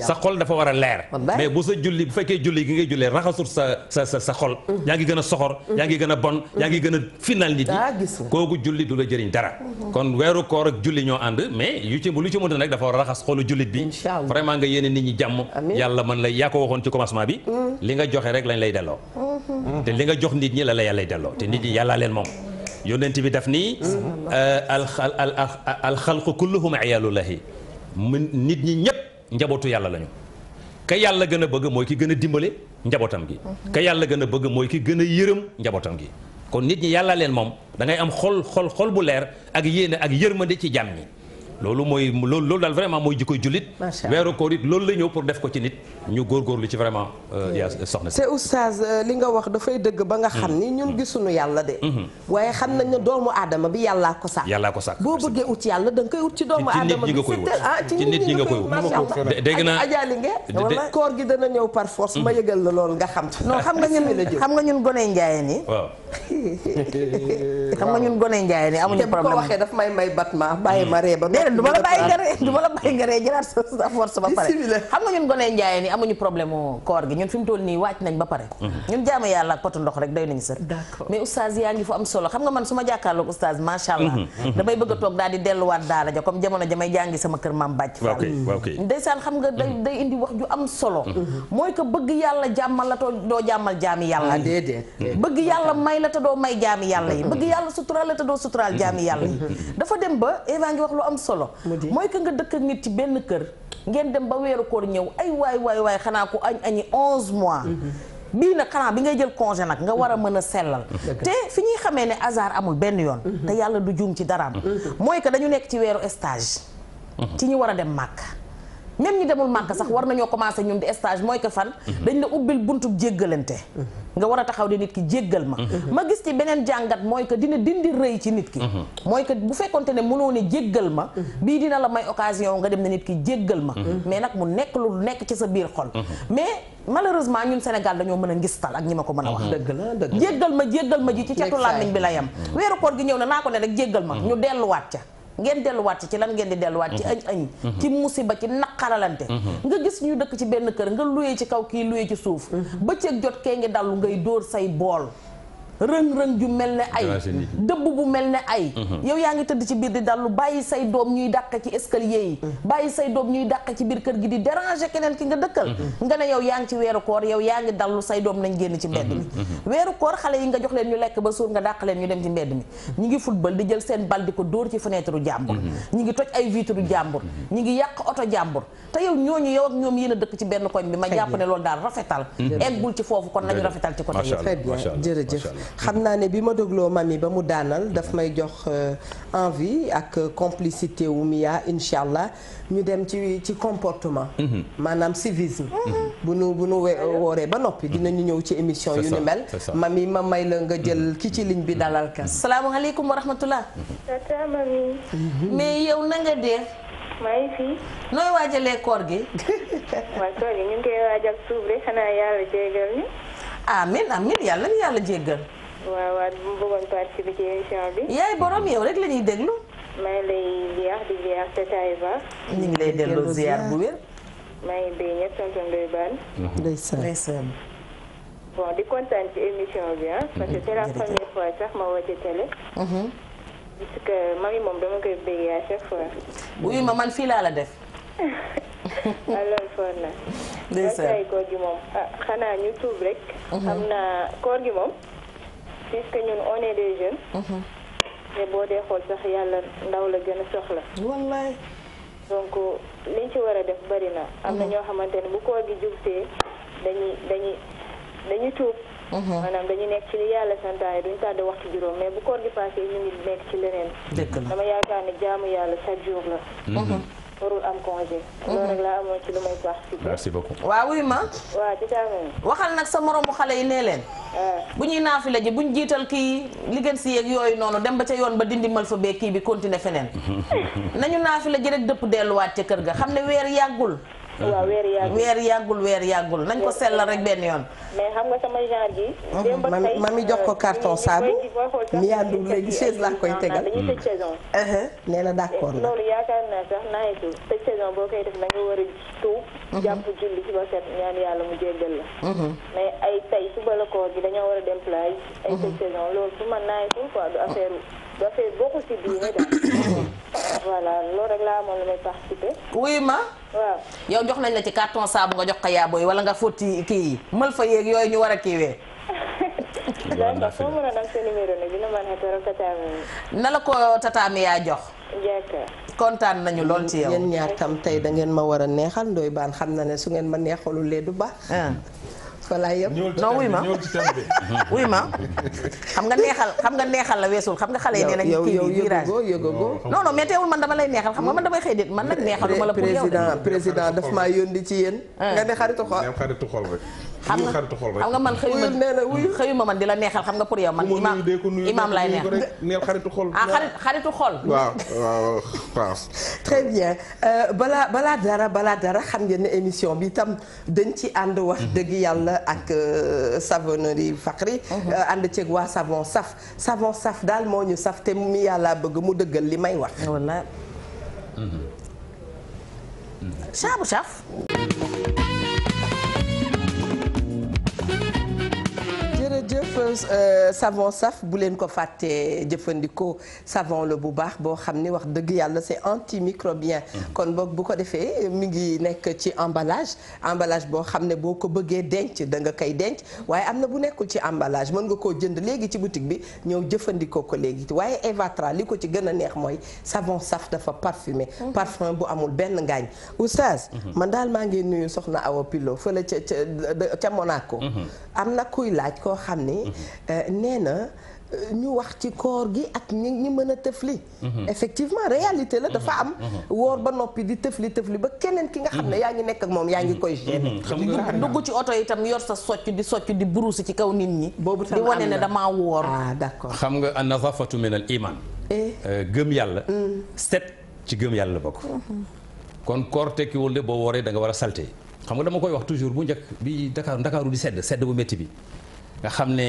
sa xol dafa war a leer mais bu sa julli bu fekkee julli gi ngay jullee raxasut sa sa sa xol mm-hmm. yaa ngi gën a soxor mm-hmm. yaa ngi gën a bon mm-hmm. yaa ngi gën a final nit yi kooku julli du la jëriñ dara kon weeru koor ak julli ñoo ànd mais yu ci bu lu ci mënta nag dafa war a raxas xolu jullit bi vraiment nga yéene nit ñi jàmm yàlla mën la yaa ko waxoon ci commencement bi mm. li nga joxe rek lañ lay delloo te li nga jox nit ñi la la yàlla lay delloo te nit ñi yàllaa yonent bi daf nii al alxalqu kulluhum ayalullahi mu nit ñi ñëpp njabootu yàlla lañu ka yàlla gën a bëgg mooy ki gën a dimbale njabootam gi ka yàlla gën a bëgg mooy ki gën a yërëm njabootam gi kon nit ñi yàlla leen moom dangay am xol xol xol bu leer ak yéene ak yërmande ci jaam ñi loolu mooy loolu loolu daal vraiment mooy jikkoy jullit weeru koor it loolu la ñëw pour def ko ci nit ñu góorgóorlu ci vraiment euh, yaa soxna si te euh, li nga wax dafay dëgg ba nga xam ni ñun mm-hmm. gisuñu yàlla de mm-hmm. waaye xam nañ ne doomu aadama bi yàllaa ko sax yàllaa ko sàkk boo bëggee ut yàlla da nga koy ut ci doomu aadama bi ci nit ñi nga koy wut dégg naa ajaali nga koor gi dana ñëw par mm-hmm. nga xam non xam nga ñun xam nga ñun gone njaaye ni waaw xam nga ñun gone njaaye ni amuñu problème te bu ko waxee daf may may du ma la bàyyi nga ree du ma la bàyyi nga ree jëlaat sa force ba pare xam nga ñun gonee njaay ni amuñu problème koor gi ñun fi toll nii wàcc nañ ba pare mhm. ñun jaamu yàlla ak potu ndox rek doy nañu sër ma jàkkaarloog oustaz macha mhm, mhm. ja comme jamono kër maam bàcc fall ndeysaan xam nga day indi wax ju am solo mooy que bëgg yàlla jàmmal la too doo jàmmal jaami yàlla ah, bëgg yàlla may la te doo may jaami yàlla yi bëgg yàlla suturaal la te doo suturaal jaami yàlla yi dafa dem ba Eva ngi wax lu am solo mooy que nga dëkk ak nit ci benn kër ngeen dem ba weeru koor ñëw ay waay waay waay xanaa ko añ añi onze mois mm-hmm. bii nag xanaa bi ngay jël congé nag nga war a mën a sellal mm-hmm. te fi ñuy xamee ne hasard amul benn yoon mm-hmm. te yàlla du juum ci daraam mooy que dañu nekk ci weeru stage ci ñu war a dem màkk même ñi demul màgg sax war nañoo commencé ñun di stage mooy que fan. Mhm. dañ la ubbil buntu jéggalante. Mhm. nga war a taxaw di nit ki jéggal ma. Mhm. ma gis ci beneen jàngat mooy que dina dindi rëy ci nit ki. mooy que bu fekkonte ne mënoo ne jéggal ma. bii dina la may occasion nga dem ne nit ki jéggal ma. mais nag mu nekk lu nekk ci sa biir xol. mais malheureusement ñun Sénégal dañoo mën a ngistal ak ñi ma ko mën a wax. dëgg la dëgg la jéggal ma jéggal ma ji ci catu làmmiñ bi la yem. weeru koor gi ñëw na naa ko ne rek jéggal ma ñu delluwaat ca. ngeen delluwaat ci ci lan ngeen di delluwaat ci mhm. añ añ mhm. ci musiba ci naqaralante mhm. nga gis ñu dëkk ci benn kër nga luyee ci kaw kii luyee ci suuf bëccëg jot kee ngi dallu ngay dóor say bool rën-rën ju mel ne ay dëbb bu mel ne ay mhm. yaw yaa ngi tëdd ci biir di dallu bàyyi say doom ñuy dàq ci escalier yi mhm. bàyyi say doom ñuy dàq ci biir kër gi di déranger keneen ki nga dëkkal mhm. nga ne yow yaa ngi ci weeru koor yow yaa ngi dallu say doom nañ génn ci mbedd mi weeru koor xale yi nga jox leen ñu lekk ba suur nga dàq leen ñu dem ci mbedd mi ñi ngi football di jël seen bal di ko dóor ci fenêtre jàmbur ñu ngi toj ay vitre jàmbur ñi ngi yàq oto jàmbur te yow ñooñu yow ak ñoom yéen dëkk ci benn koñ bi ma jàpp ne loolu rafetal ci foofu kon nañu rafetal ci xam naa ne bi ma dégloo mami ba mu daanal dafa may jox euh, envie ak euh, complicité wu Mia incha allah ñu dem ci ci comportement mhm. maanaam civisme mhm. bu nu bu nu wooree ba noppi ñu ñëw ci émission yu ni mel mami ma may la nga jël mhm. ki ci ligne bi dalal ka salaamaaleykum wa rahmatullah ata mami mais yow nanga nga dee maa fii. nooy waajalee koor gi. waaw koor ñu ngi waajal suuf rek xanaa yàlla jéggal ni. amiin amiin yàlla na yàlla jéggal. waaw waaw bu ma bëggoon participer ci émission bi. yaay borom yow rek la ñuy déglu. lay ziar di ziar sa taay baax. ñu ngi lay delloo ziar bu wér. maa ngi béy ñëpp sant Ndoye Bane. bon di kontaan ci émission bi ah. parce que c'est la première fois sax ma woote télé. Mhm. parce mami moom dama koy béy à chaque fois. wuyu ma man fii laa la def. alors ah, foog na. ndeysaan koor gi moom ah xanaa ñu rek. Mhm. xam naa koor gi moom. puisque ñun on est des jeunes. te mhm. boo dee xool sax yàlla ndaw la gën a soxla. wallaay. donc liñ ci war a def bari na. am na mhm. ñoo xamante ne bu koor gi jubtee dañuy dañuy dañuy tuub. Mhm. maanaam dañu nekk ci li yàlla santaane duñ tàdd waxtu juróom mais bu koor gi passé ñu ngi nekk ci leneen. dama yaakaar ne jaamu yàlla chaque jour la. warul am congé. loolu rek laa amoon waaw wuy ma. waaw ci waxal nag sa moroomu xale yi nee leen. Ah. bu ñuy naafila ji ñu jiital kii li si yeeg yooyu noonu dem ba ca yoon ba dindi mal fa bee kii bi continuer feneen. nañu naafila ji rek dëpp delluwaat ca kër ga xam ne weer yàggul. waaw uh-huh. weer yàggul weer yàggul weer yàggul nañ ko sellal rek benn yoon. mais xam nga sama genre gi. Oh, démb ma mi jox ko euh, carton saabu. mi àndul léegi chaise laa koy tegal. dañuy tëj hmm. saison. Uh-huh. nee na d' accord na loolu yaakaar naa sax naa tëj saison boo koy def na nga war a tuub. Uh-huh. jàpp julli ci ba set ñaan yàlla mu jéggal la. mais ay tey suba la koor gi dañoo war a dem plage. ay tëj saison loolu su ma naa ngi quoi du dafay voilà ma. yow jox nañ la ci carton saabu nga jox ko yaaboo yi wala nga fóoti kii yi mël fa yeeg yooyu ñu war a kiiwee. na la ko tataami yaa jox. kontaan nañu lool ci yow. yéen ñaar tam tey dangeen ma war a neexal ndoy baan xam na ne su ngeen ma neexalulee du baax. Ah. voilà yëpp non wuy ma wuy ma xam nga neexal xam nga neexal la weesul xam nga xale yi nee nañu kii bi virage non non mais teewul man dama lay neexal xam nga man damay xëy déet man nag neexal ma la pour yow président président daf maa di ci yéen ah. nga ne xaritu xol xaritu xol rek xam nga xam nga man xëyuma ma man di la neexal xam nga pour yow man imaam imaam lay neex neel xaritu xol ah xarit xaritu xol waaw très bien euh, balaa balaa dara balaa dara xam ngeen ne émission bi itam dañ ci ànd wax mhm. dëgg yàlla ak euh, savonnerie Fakri mhm. euh, ànd ceeg waa savon saf savon saf daal moo ñu saf te mi yàlla bëgg mu dëggal li may wax wala mhm. saabu saf jërëjëf euh, savon saf bu leen ko fàttee jëfandikoo savon la bu baax boo xam ni wax dëgg yàlla c'est antimicrobien mm-hmm. kon boog bu ko defee mu ngi nekk ci emballage emballage boo xam ne boo ko bëggee denc da nga koy denc waaye am na bu nekkul ci emballage mën nga koo jënd léegi ci boutique bi ñëw jëfandikoo ko léegi waaye Evatra li ko ci gën a neex mooy savon saf dafa parfumé mm-hmm. parfum bu amul benn ngaañ oustaz mm-hmm. man daal maa ngi nuyu soxna Awa Pilo fële ca ca ca Monaco xam ne mhm. euh, nee na euh, ñu wax ci koor gi ak ñi ñi mën a tëfli mhm. effectivement réalité la dafa mhm. am woor ba noppi di tëfli tëfli ba keneen ki nga xam ne yaa ngi nekk ak moom yaa ngi koy génne dugg ci oto itam yor sa socc di socc di brousse ci kaw nit ñi boobu di wane ne damaa woor ah d'accord xam nga an-nazafatu min al iman eh? euh, gëm yàlla mm. set ci gëm yàlla la bokk kon koor tekkiwul de boo wooree da nga war a salté xam nga dama koy wax toujours bu njëkk bi Dakar Ndakaaru di sedd sed bu métti nga xam ne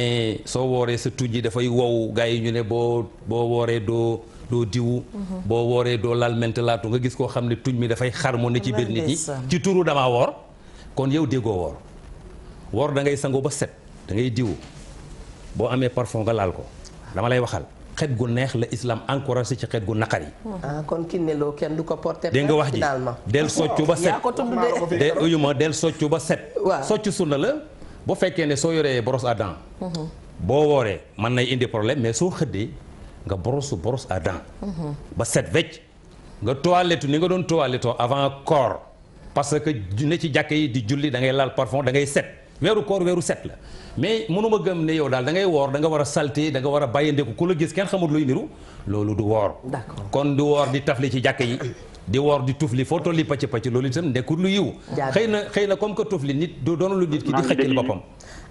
soo wooree sa tuñ ji dafay wow gaa yi ñu ne boo boo wooree doo doo diwu mhm. boo wooree doo lal mentalaatu nga gis koo xam ne tuñ mi dafay xar mu ne ci biir nit ñi ci turu damaa woor kon yow déggoo woor woor da ngay sangoo ba set da ngay diwu boo amee parfum nga laal ko dama lay waxal xet gu neex la islam encouragé ci xet gu naqar yi. Mhm. ah wax ji oh, del soccu ba set. de. del del soccu ba set. soccu sunna la. bu fekkee ne soo yoree brosse à boo wooree man nay indi problème mais soo xëddee nga brosse brosse à dents. ba set wecc nga toilettu ni nga doon toilettoo avant corps parce que ne ci jàkka yi di julli da ngay laal parfum da ngay set weeru koor weeru set la mais mënuma gëm ne yow daal da ngay woor da nga war a salté da nga war a bàyyandeku ku la gis kenn xamul luy niru loolu du woor. kon du woor di tafli ci jàkka yi. di woor di tufli foo tolli pàcc pàcc loolu itam nekkul lu yiw xëy na xëy na comme que tufli nit du doon lu nit ki di xëccal boppam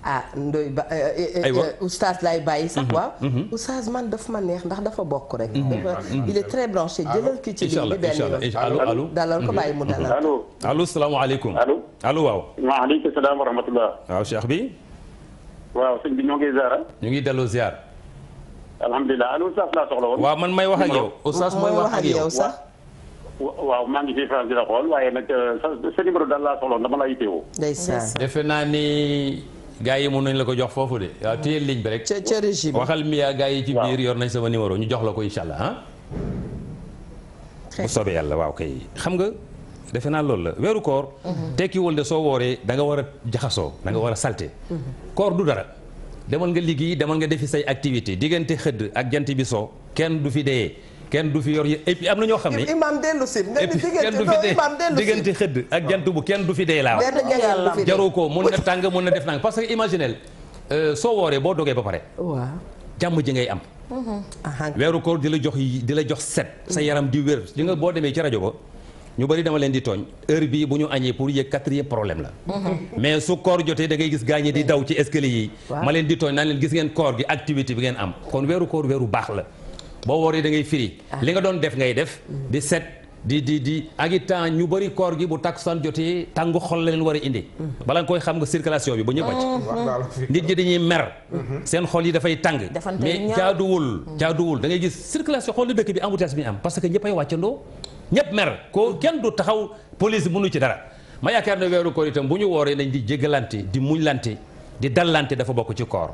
ah ndoy ba euh, euh, euh, oustaz lay bàyyi sax mhm. waaw mhm. man daf ma neex ndax dafa bokk rek mhm. dafa il est ci ligne bi benn yoon allo allo dalal ko bàyyi mu dalal allo allo salaamaaleykum allo allo waaw maaleykum wa rahmatullah waaw cheikh ah? ñu ngi delloo ziar alhamdulilah allo oustaz laa soxla woon may wax ak yow sax waaw maa ngi ci France di la xool waaye nag euh, sa numéro daal laa soxloon dama la yittewoo. ndeysaan defe naa ni gars yi mën nañ la ko jox foofu de. waaw téye ligne bi rek. ca ca régime waxal mi yaa gars yi ci biir yor nañ sama numéro ñu jox la ko incha allah ah. bu soobee yàlla waaw kay xam nga. defe naa loolu la weeru koor mhm. tekkiwul de soo wooree da nga war a jaxasoo danga war a salte mhm. koor du dara demal nga liggéey demal nga defi say activité diggante xëdd ak jant bi soo kenn du fi deyee kenn du fi yor yi et puis am na ñoo xam ni imam diggante xëdd ak jant bu kenn du fi dee laa jaru ko mun na tàng mun na def nang parce que imaginel euh, soo wooree boo dogee ba pare waaw jàmm ji ngay am mm-hmm. weeru koor di la jox di la jox set sa mm-hmm. yaram di wér li nga boo demee ci rajo ba ñu bari dama leen di tooñ heure bii bu ñu añee pour yëg quatrième problème la mm-hmm. mais su koor jotee da ngay gis gaañe di daw ci escalier yi ma leen di tooñ naan leen gis ngeen koor gi activité bi ngeen am kon weeru koor weeru baax la boo wooree da ngay firi. Ah. li nga doon def ngay def. Mm. di set di di di ak i temps ñu bari koor gi bu takk takkusaan jotee tàngu xol la leen war a indi. Mm. bala nga koy xam nga circulation bi ba ñëpp wàcc. Mm-hmm. nit ñi dañuy mer. Mm-hmm. seen xol yi dafay tàng. mais jaaduwul. Mm. jaaduwul da ngay gis circulation xol li dëkk bi embouteillage bi am parce que ñëppay wàccandoo. ñëpp mer ko kenn du taxaw police mënu ci dara ma yaakaar ne weeru koor itam bu ñu wooree nañ di jéggalante di muñlante di dallante dafa bokk ci koor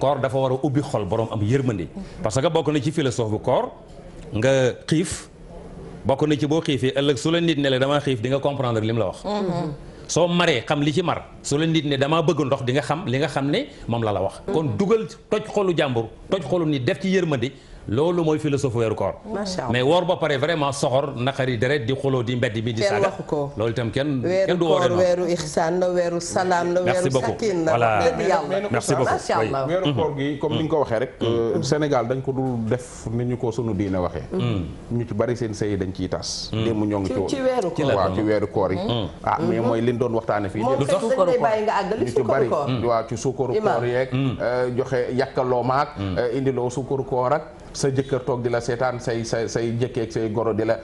koor dafa war a ubbi xol borom am yërmande parce que bokk na ci philosophe bu koor nga xiif bokk na ci boo xiifee ëllëg su la nit ne la dama xiif di nga comprendre li mu la wax soo maree xam li ci mar su la nit ne damaa bëgg ndox di nga xam li nga xam ne moom la la wax kon dugal toj xolu jàmbur toj xolu nit def ci yërmande loolu mooy philosophe weeru koor mais woor ba pare vraiment soxor naqari deret di xuloo di mbedd bi di saaga loolu tam kenn kenn du woore noonu weeru ixsaan la weeru salaam la weeru sakin la voilà merci mm-hmm. comme ni nga ko waxee rek mm-hmm. euh, Sénégal dañ ko dul def ni ñu ko sunu diine waxee mm-hmm. ñu ci bari seen sëy dañ ciy tas démb ñoo ngi ci weeru koor waaw yi ah, mais mooy liñ doon waxtaane fii lu tax ñu ci bari waaw suukaru koor yeeg euh, joxe yàkkaloo maak euh, indiloo suukaru koor ak sa jëkkër toog di la seetaan say say say njëkkeeg say goro di la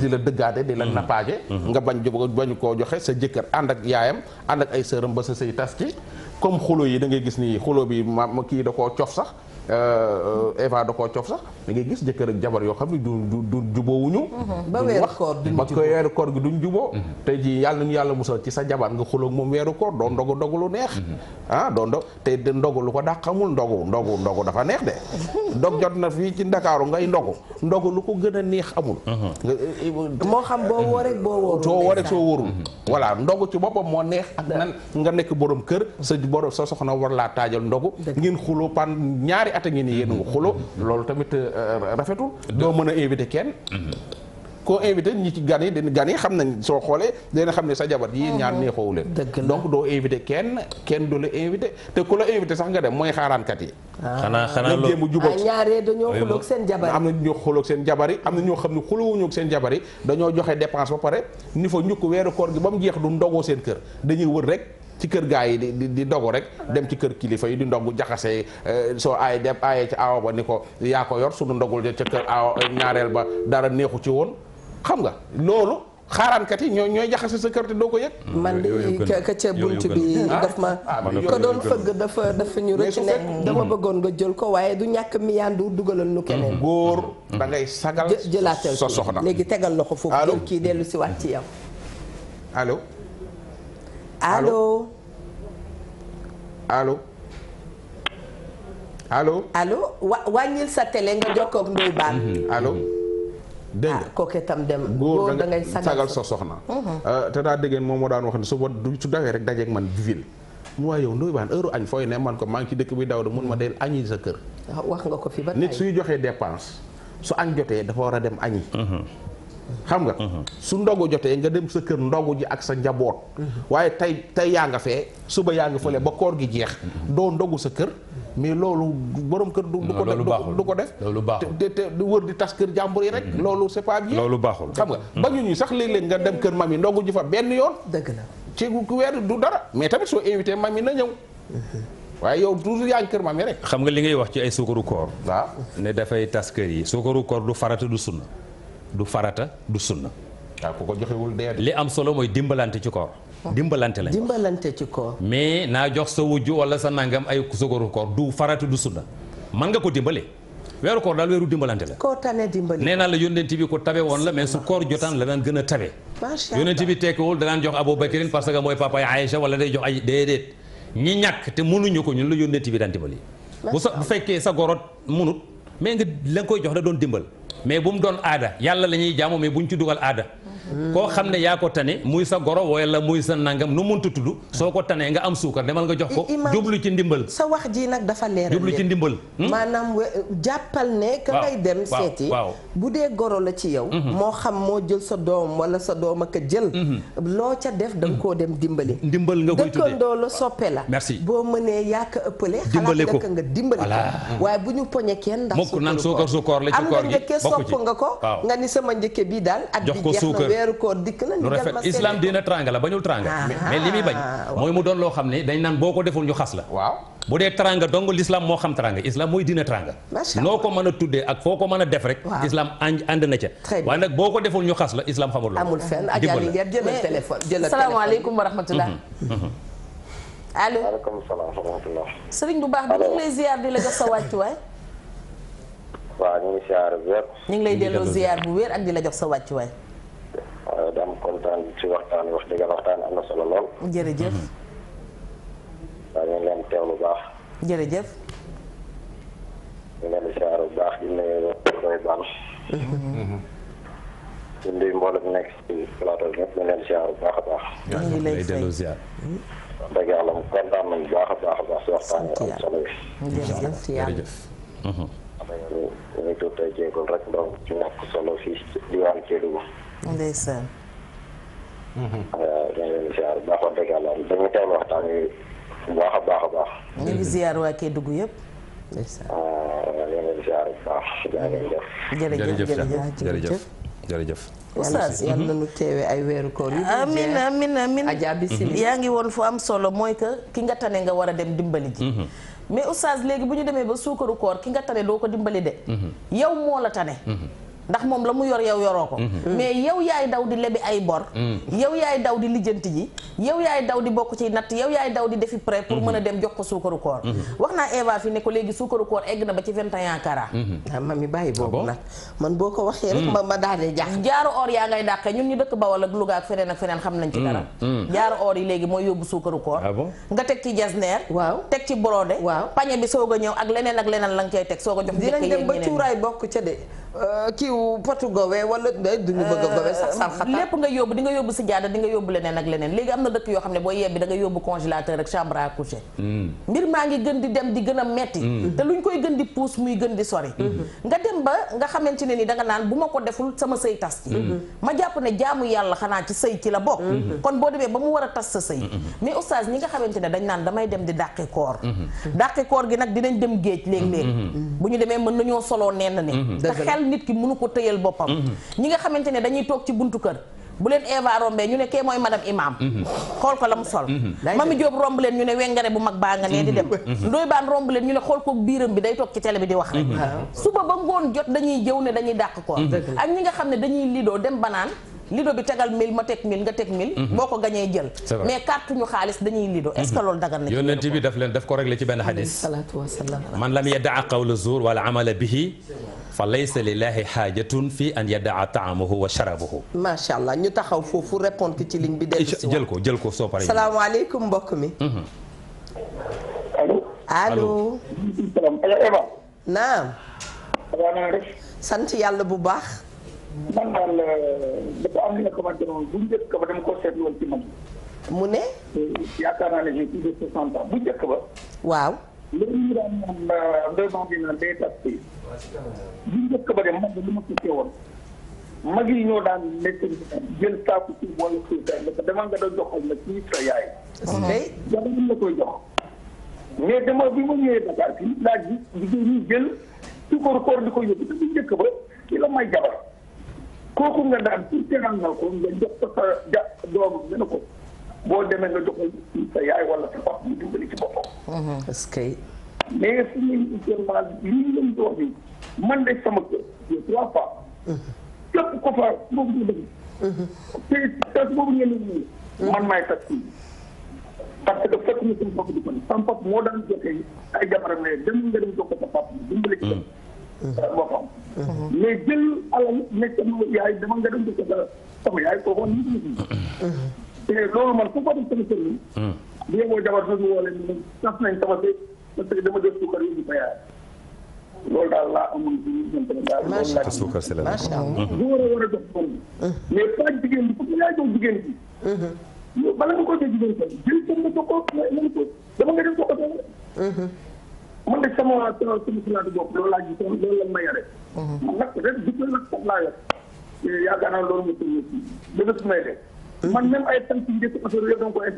di la dëggaate di la mm-hmm. napaaje mm-hmm. nga bañ bañ koo joxe sa jëkkër ànd ak yaayam ànd ak ay sëram ba sa say tas ci comme xulo yi da ngay gis ni xulo bi ma kii da koo cof sax euh, Eva da koo cof sax da gis jëkkër ak jabar yoo xam ne du du du jubóowuñu. Mhm. ba weeru koor duñ jubóo ba gi duñ jubóo. tey jii yàlla nañu yàlla musal ci sa jabar nga xuloo moom weeru koor doo ndogu ndogu lu neex. Mhm. ah doo ndog lu ko dàq amul ndogu ndogu ndogu neex de. dog ci ndakaaru ngay ndogu ndogu lu ko gën a neex amul. Mhm. Eh, eh, moo xam boo woo rek boo wóorul. soo woo rek soo wóorul. voilà ndogu ci boppam moo neex nga nekk borom kër boro sa soxna war laa taajal ndogu ngeen xulo pan ñaari at a ngeen yéen a xulo loolu tamit euh, rafetul doo mën a invité kenn mm-hmm. koo invité ñi ci gan yi dañu gan yi xam nañ soo xoolee dana xam ne sa jabar yi ñaar neexoowu leen donc doo invité kenn kenn du la invité te ku la invité sax nga dem mooy xaaraankat yi ah. xanaa xanaa loolu jéem a ah, dañoo xuloog seen jabar am na ñoo xuloog seen jabar yi am na ñoo xam ne xulowuñu ak seen jabar yi dañoo joxe dépense ba pare ni fa njukk weeru koor gi ba mu jeex du ndogoo seen kër dañuy wër rek ci kër gaa yi di di dogu rek dem ci kër kilifa yi di ndogu jaxase eh, soo ay dem ay ci aawa ba ni ko yaa ko yor suñu ndogul ca kër aawa eh, ñaareel ba dara neexu ci woon xam nga loolu xaaraankat yi ñoo ñooy jaxase sa kër te doo ko yëg. Mm. man di ka ca bunt bi daf ma ko ah, ah, doon fëgg dafa dafa ñu rëcc ne dama bëggoon nga jël ko waaye du ñàkk miyaandu dugalal nu keneen mm-hmm. góor mm-hmm. Mm-hmm. da ngay sagal jëlaatal sa soxna léegi tegal ko foofu jël kii dellu si waat ci yow allo allo allo. allo wa wàññil sa télé nga jokkoog ndoy baan. Mhm. allo. Ah. dégg nga ah, kooku itam dem góor da ngay sagal sa soxna. Mhm. Ah, te daa dégg moom moo daan wax ne su ba su dawee rek dajeeg man ville. mu waaye yow ndoy baan heure añ fooy ne man ko maa ngi ci dëkk bi daw de mun ma del añi sa kër. wax nga ko fi ba nit suy joxee dépense su añ jotee dafa war a dem añi. Mhm. xam nga. Mhm. su ndogu jotee nga dem sa kër ndogu ji ak sa njaboot. Mhm. waaye tey tey yaa nga fee suba yaa nga fële ba mhm. koor gi jeex. doo ndogu sa kër. mais loolu borom kër du ko def du ko def loolu baaxul te du wër di tas kër jàmbur yi rek loolu c'est pas bien loolu baaxul xam nga ba ñu ñu sax léeg nga dem kër yi ndogu ji fa benn yoon dëgg la ci ku weer du dara mais tamit soo invité yi na ñëw waaye yow toujours yaa ngi kër yi rek xam nga li ngay wax ci ay suukaru koor waaw ne dafay tas kër yi suukaru koor du farata du sunna du farata du sunna waaw ku ko joxewul dee li am solo mooy dimbalante ci koor oh. dimbalante lañ dimbalante ci koor mais naa jox sa wujju wala sa nangam ay sukaru koor du farata du sunna man nga ko dimbale weeru koor daal weeru dimbalante la koo tane dimbali naa la yónneent bi ko tabe woon la mais su koor jotaan la daan gën a tabe yónneent bi tekkiwul da daan jox Aboubacrine parce que mooy papa Aïcha wala day jox ay déedéet ñi ñàkk te mënuñu ko ñun la yónneent bi daan dimbali bu sa bu fekkee sa gorot mënut mais nga la nga koy jox da doon dimbal mais bu mu doon aada yàlla la ñuy jaamu mais bu ñu aada koo xam ne yaa ko tane muy sa goro wala muy sa nangam nu munta tudd soo ko tanee nga am suukar demal nga jox ko jublu ci ndimbal sa wax jii nag dafa leer jublu ci ndimbal hmm? maanaam jàppal ne ka ngay dem seeti bu dee goro la ci yow hmm. moo xam moo jël sa doom wala sa doom ak a jël hmm. loo ca def da nga koo dem dimbali ndimbal nga koy tuddee la soppe la merci boo mënee yaa ko ëppale dimbale ko nga dimbali ko waaye bu ñu poñe kenn ndax mukk naan suukar la ci koor gi am nga ko nga ni sama njëkke bii daal at bi jeex weeru koor dikk la lu rafet islam dina tranga la bañul tranga mais li muy bañ mooy mu doon loo xam ne dañ naan boo ko deful ñu xas la waaw bu dee tranga dong l'islam moo xam tranga islam mooy dina tranga noo ko mën a tuddee ak foo ko mën a def rek islam ànd na ca waaye nag boo ko deful ñu xas la islam xamul loolu amul fenn ajali ngeen jëlal téléphone jëlal salaamaaleykum wa rahmatullah mhm, mhm. allo waaleykum salaam wa rahmatullah sëriñ bu baax bi ñu ngi lay ziar di la jox sa wàccuwaay waaw ñu ngi ziar bu wér ñu ngi lay delloo ziar bu wér ak di la jox sa wàccuwaay kontaan ci waxtaan wax dëgg waxtaan am na solo lool. jërëjëf. waaw ñu ngi leen teew lu baax. jërëjëf. ñu ngi leen bu baax di nuyu koy baal. di nekk ci plateau bi bu baax a baax. ñu ngi lay delloo siyaar. wax dëgg yàlla mu kontaan nañu bu baax baax baax si waxtaan yi am solo yi. jërëjëf jërëjëf. ñu ngi tudd solo fii waaw da ngeen ziar bu baax yàlla dañuy teel waxtaan yi bu yëpp. incha allah da na nu ay weeru koor yi amiin amiin yaa ngi woon fu am solo mooy que ki nga tane nga war a dem dimbali ji. Mhm. mais Oustaz léegi bu ñu demee ba suukaru koor ki nga tane doo ko dimbali de. Mhm. yow moo la tane. Mhm. ndax moom la mu yor yow yoroo ko mhm. mais yow yaay daw di lebi ay bor mhm. yow yaay daw di lijjanti ji yow yaay daw di bokk ci natt yow yaay daw di defi prêt pour mhm. mën a dem jox ko suukaru koor wax naa Eva fi ne ko léegi suukaru koor egg na ba ci vingt et un carats ah, mami bàyyi boobu ah man boo ko waxee rek ma ma daadee jaax jaaru or yaa ngay dàqee ñun ñu dëkk Bawol ak Louga ak feneen feneen xam nañ ci dara mm, mm. or yi léegi mooy yóbbu suukaru koor ah nga teg ci jasneer waaw teg ci brodé waaw pañe bi soog a ñëw ak leneen ak leneen la nga cay teg soo a jox dinañ dem ba cuuraay potu gowe wala duñu a gowe sax euh, sax xataa lépp nga yóbbu di nga yóbbu si jaada di yóbbu leneen ak leneen léegi am na dëkk yoo xam ne boo yebbi da nga yóbbu congélateur ak chambre à coucher hmm. mbir maa ngi gën di dem di gën a metti hmm. Hmm. te luñ koy gën di puus muy gën di sori nga dem ba nga xamante ne ni da nga naan bu ma ko deful sama sëy tas ci ma jàpp ne jaamu yàlla xanaa ci sëy ci la bokk kon boo demee ba mu war a tas sa sëy mais oustaz ñi nga xamante ne dañ naan damay dem di dàqi koor dàqi gi nag dinañ dem géej léeg-léeg bu ñu demee mën ko tëyal boppam ñi nga xamante ne dañuy toog ci buntu kër bu leen Eva rombee ñu ne kee mooy madame imam xool ko la mu sol Mami Diop romb leen ñu ne wengare bu mag baa nga nee di dem mhm. Ndoye Bane romb leen ñu ne xool ko biiram bi day toog ci télé bi di wax rek mhm. suba ba ngoon jot dañuy jëw ne dañuy dàq ko mhm. ak ñi nga xam ne dañuy lidoo dem banaan lido bi tegal mil ma teg mil boo ko gañee jël mais carte xaalis dañuy lido est dagal na yonent bi fa laysa lillahi xaajatun fi an yadaa taamahu wa sharabahu macha allah ñu taxaw foofu répondre ci ligne bi dellu si jël ko jël ko soo paree mbokk mi allo mhm. allo naam sant yàlla bu baax man daal euh, ko seetlu mu ne euh, yaakaar waaw loolu ñu daan naan raison bi naan day tas bi bu njëkk ba de man lu ma fekkee woon mag yi ñoo daan nekk jël saaku suuf wala suuf daal dafa demal nga doon joxal ma ci sa yaay. waaw koy jox. mais dama bi ma ñëwee Dakar fii laa gis jigéen ñi jël sukkur koor di ko yóbbu te bu njëkk ba ci la may jabar kooku nga daan pour teral nga ko nga jox sa doom nga ne ko. boo demee nga jox sa yaay wala sa papa mu dimbali ci boppam. Mhm. est-ce que. mais suñu gouvernement lii lañ bi man de sama kër je trois fois. képp ko fa boobu ñu bëgg. Mhm. te mhm. man maay tas fii. parce que fekk na sama papa di ko nii sama papa moo daan jotee ay jabaram ne dem nga dem jox ko sa papa dimbali euh, jël alal nekk sama yaay dama nga dem jox ko sama yaay kooku woon nit te loolu man foofu def sama sëriñ. Hmm. bu yeboo jabar bi woo leen ne tas nañ sama sëy parce que dama def suukar loolu daal laa amul bi ñu sant daal. macha allah suukar si la macha allah. bu war a war a jox ko hmm. mais pas jigéen bi parce que yaa jox jigéen bi. Hmm. bala nga ko jox jigéen bi jël seen nga jox ko nga ko dama nga def jox ko tamit. man de sama loolu laa gis loolu la ma yare. man nag ren du ko nag foofu laa yor. Eh, yaakaar naa man même ay tànk yu njëkk affaire yëpp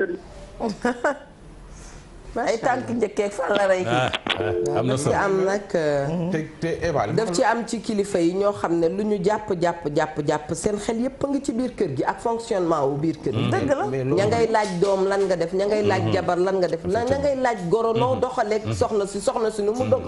ay tànk njëkkeeg fan la rey kii ah, ah, am na ci am nag euh, mm-hmm. daf ci am ci kilifa yi ñoo xam ne lu ñu jàpp jàpp jàpp jàpp seen xel yépp a ngi ci biir kër gi ak fonctionnement wu biir kër gi mm-hmm. dëgg la ña ngay laaj doom lan nga def ña ngay laaj mm-hmm. jabar lan nga def na ña ngay laaj goro noo doxaleeg soxna si soxna si nu mu do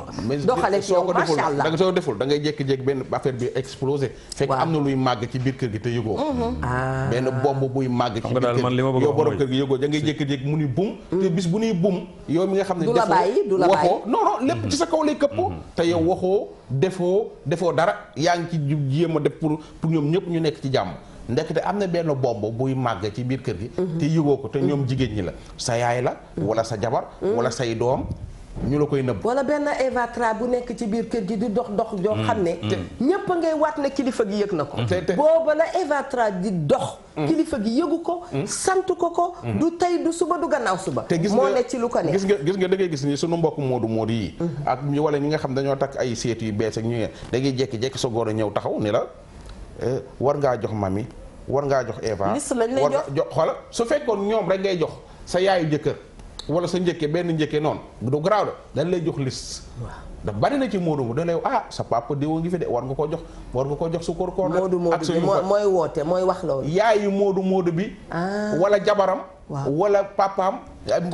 doxaleeg yow macha allah da nga soo deful da ngay jékki-jékki benn affaire bi explosé fekk am na luy màgg ci biir kër gi te yëgoo ah. benn bomb buy màgg ci biir kër gi yow borom kër yëgoo da ngay jékki-jékki mu ni bum yow mi nga xam ne. du la bàyyi du la bàyyi waxoo non lépp ci sa kaw lay këpp. Mm-hmm. te yow waxoo defoo defoo dara yaa ngi ci jéem a def pour pour ñoom ñëpp ñu nekk ci jàmm. ndekete am na benn bomb buy màgg ci biir kër gi. Mm-hmm. te yëgoo ko te ñoom mm-hmm. jigéen ñi la. sa yaay la. wala sa jabar. wala say doom ñu la koy nëbb wala benn Eva Tra bu nekk ci biir kër gi di dox dox joo xam ne mm, mm. ñépp ngay waat ne kilifa gi yëg na ko mm. booba la Eva Tra di dox kilifa gi yëgu ko sant ko ko du tey du suba du gannaaw suba te gis moo ne ci lu ko gis nga gis nga da ngay gis ni sunu mbokk moodu moodu yi ak ñu wala ñi nga xam dañoo takk ay seet yu bees ak ñu ngeen da ngay jekki-jekki sa góor a ñëw taxaw ni la eh, war ngaa jox mami war ngaa jox Eva war ngaa jox xoola su fekkoon ñoom rek ngay jox sa yaayu jëkkër wala sa njëkkee benn njëkkee noonu du garaaw de dañ lay jox list da bari na ci Modou Modou dañ lay ah sa papa diwa ngi fi de war nga koo jox war nga koo jox sukkur koor ak sa mooy woote mooy wax loolu yaayu Modou Modou bi ah. wala jabaram wala papaam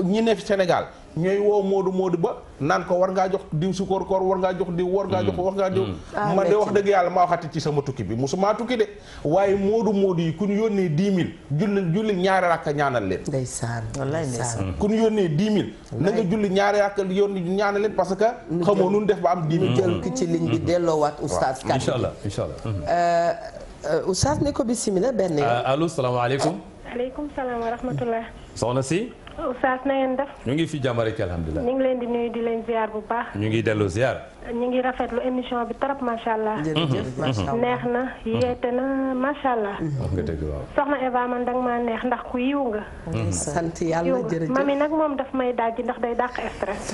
ñi ne Sénégal ñooy woo Moodu Moodu ba naan ko war ngaa jox diw su koor koor war ngaa jox diw war ngaa jox mm. war ngaa diw mm. ah, man de wax dëgg yàlla maa waxati ci sama tukki bi musuma tukki de waaye Moodu Moodu yi ku ñu yónnee dix mille julli julli ñaari rakka ñaanal leen ndeysaan wallaay ndeysaan ku ñu yónnee dix mille na nga julli ñaari rakka yoon ñaanal leen parce que mm. xamoo nu def ba am dix jël ki ci ligne bi delloowaat oustaz kat incha allah incha allah euh, euh, oustaz ne ko bisimila benn euh, allo salaamaaleykum Oustaz na ngeen def. ñu ngi fi jàmbare ci alhamdulilah. ñu ngi leen di nuyu di leen ziar bu baax. ñu ngi dellu ziar. ñu ngi rafetlu émission bi trop macha allah. jërëjëf macha allah mhm, mhm. neex na yeete na macha allah. Mhm. soxna Eva man danga maa neex ndax ku yiw nga. sant yàlla jërëjëf mami nag moom daf may dajji ndax day dàq stress.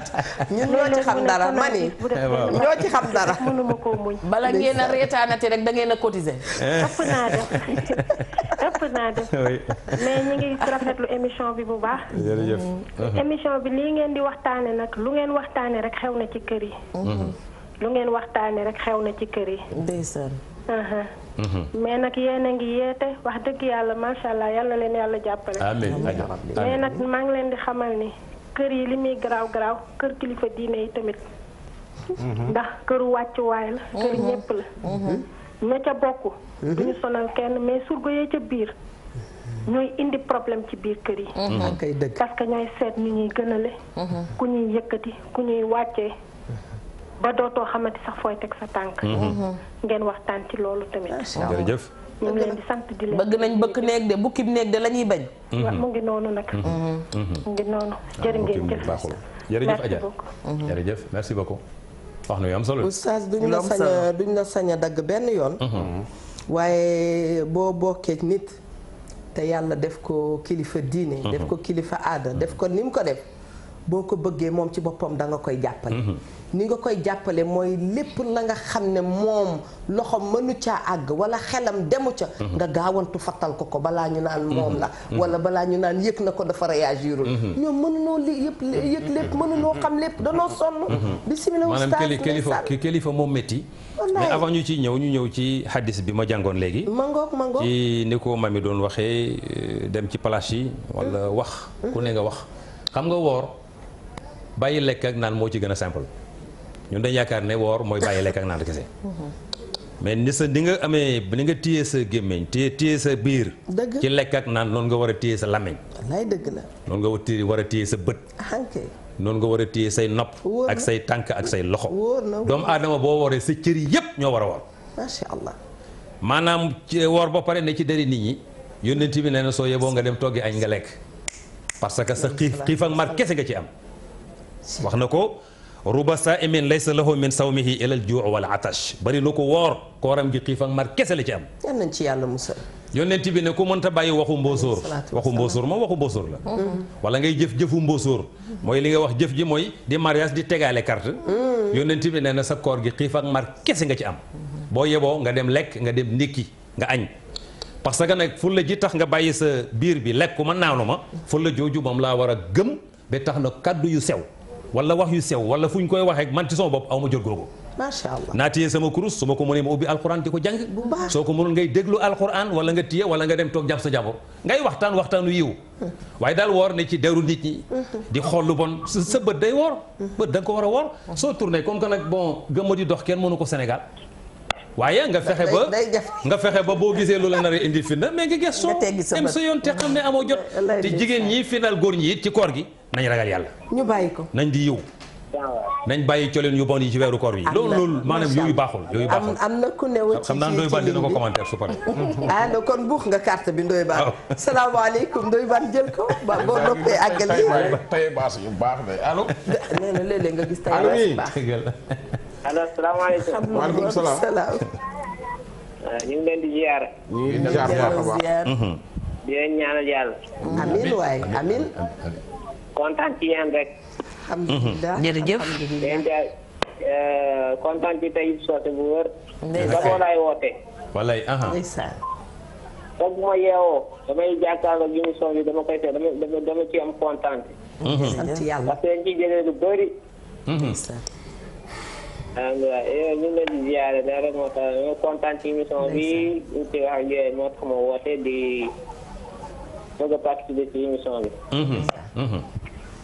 ñun ñoo ci xam dara mani eh, ñoo ci xam dara. mënuma koo muñ. bala ngeen a rek da ngeen a cotiser. ëpp naa def. ëpp naa def mais ñi ngi rafetlu émission bi bu baax. Mm-hmm. émission bi lii ngeen di waxtaane nag lu ngeen waxtaane rek xew na ci kër yi. Mm-hmm. lu ngeen waxtaane rek xew na ci kër yi. ndeysaan. Uh-huh. Mm-hmm. mais nag yéen a ngi yeete wax dëgg yàlla macha allah yàlla leen yàlla jàppale. mais nag maa ngi leen di xamal ni kër yi li muy garaaw garaw kër kilifa diine yi tamit. ndax këru wàccuwaay la. kër ñépp la. ña ca bokk. Mhm. du ñu sonal kenn mais surga yee ca biir. ñooy indi problème ci biir kër yi. Mhm. parce que ñooy seet ñu ñuy gënale. Mhm. ku ñuy yëkkati ku ñuy wàcce ba dootoo xamante sax fooy teg sa tànk. ngeen waxtaan ci loolu tamit. jërëjëf. ñu ngi leen di sant di leen bëgg nañ bëkk néeg de bukki néeg de la ñuy bañ. waaw mu ngi noonu nag. mu ngi noonu jërë ah, ngeen jëf. jërëjëf Adja jërëjëf merci beaucoup. wax na solo oustaz duñ la sañ a duñ la sañ a dagg benn yoon mhm. waaye boo bokkee nit te yàlla def ko kilifa diine def mhm. ko kilifa aada def ko ni mu ko def boo ko bëggee moom ci boppam danga koy jàppale mm-hmm. ni nga koy jàppale mooy lépp la nga xam ne moom loxo mënu caa àgg wala xelam demu ca mm-hmm. nga gaawantu fattal ko ko balaa ñu naan mm-hmm. moom la wala balaa ñu naan yëg na ko dafa réagirul ñoom mënunoo li yëg lépp mënunoo xam lépp danoo sonn bismillah maanaam kilifa kilifa moom métti mais avant ñu ci ñëw ñu ñëw ci hadis bi ma jàngoon léegi mangoog mangoog ci ni ko mami doon waxee euh, dem ci place yi wala mm. wax ku ne wax xam nga woor bàyyi lekk ak naan moo ci gën a simple ñun dañ yaakaar ne woor mooy bàyyi lekk ak naan kese. mais ni sa ni nga amee ni nga téye sa gémmiñ téye téye sa biir. ci lekk ak naan noonu nga war a téye sa làmmiñ. wallaay dëgg la. noonu nga war a téye sa bët. Ah, noonu nga war a téye say nopp. ak say tànk ak say loxo. doomu aadama boo wooree sa cër yëpp ñoo war a woor. macha allah. maanaam woor ba pare ne ci dëri nit ñi yónnent bi nee na soo yeboo nga dem toggi añ nga lekk parce que sa xiif xiif ak mar kese nga ci am. wax na ko sa saimin laysa lahu min sawmihi ila al juu wal atash bari lu ko woor kooram gi xiif ak mar kese la ci am yal nañ ci yàlla musal yonent bi ne ku mënta bàyyi waxu mbóosóor waxu mbóosóor moom waxu mbóosóor la mhm. wala ngay jëf jëfu mbóosóor mooy li nga wax jëf ji mooy di mariage di tegaale carte mhm. yonent bi nee na sa koor gi xiif ak mar kese nga ci am mhm. boo yeboo nga dem lekk nga dem ndékki nga añ parce que nag fulla ji tax nga bàyyi sa biir bi lekku ma naanu ma fulla jooju moom laa war a gëm ba tax na kaddu yu sew wala wax yu sew wala fu ñu koy waxee man ci sama bopp aw ma jot googu. macha allah naa sama kurus su ma ko mënee ma ubbi alxuraan di ko jàng. soo ko mënul ngay déglu alxuraan wala nga téye wala nga dem toog jàpp sa jàmbur. ngay waxtaan waxtaanu yiw waaye daal woor ne ci deru nit ñi. di xool lu bon sa bët day woor. bët da ko war a woor soo tourné comme que nag bon gëmma di dox kenn mënu ko Sénégal. waaye nga fexe ba nga fexe ba boo gisee lu la nar indi fitna mais nga gëstoo dem sa yoon te xam ne amoo jot te jigéen ñi final góor ñi it ci koor gi nañ ragal yàlla. ñu bàyyi ko nañ di yiw nañ bàyyi colin yu bon yi ci weeru koor yi. loolu loolu maanaam yooyu baaxul yooyu baaxul. am na ku newu ci xam naa Ndoye Bane dina ko commentaire su paree. ah non kon buux nga carte bi Ndoye Bane. salaamaaleykum Ndoye Bane jël ko ba boo noppee àggal yi. tey baas yu baax de allo. nee na léeg nga gis tey baas yu baax. allo salaamaaleykum. waaleykum salaam. Euh, ñu ngi leen ngi leen di ziar bu baax. Mhm. di leen ñaanal kontaan ci yéen rek. alhamdulilah jërëjëf. Euh, kontaan ci tey soose bu wër. ndeysaan woote. walay aha ndeysaan. foog ma yeewoo damay jàkkaarloo ak émission bi dama koy seet dama dama ci am kontaan. sant mhm. yàlla parce que dañ ciy jëlee lu bëri. Mhm. ngi leen di moo tax kontaan ci émission bi. ci wax moo tax di bëgg a participer ci émission bi. Mhm.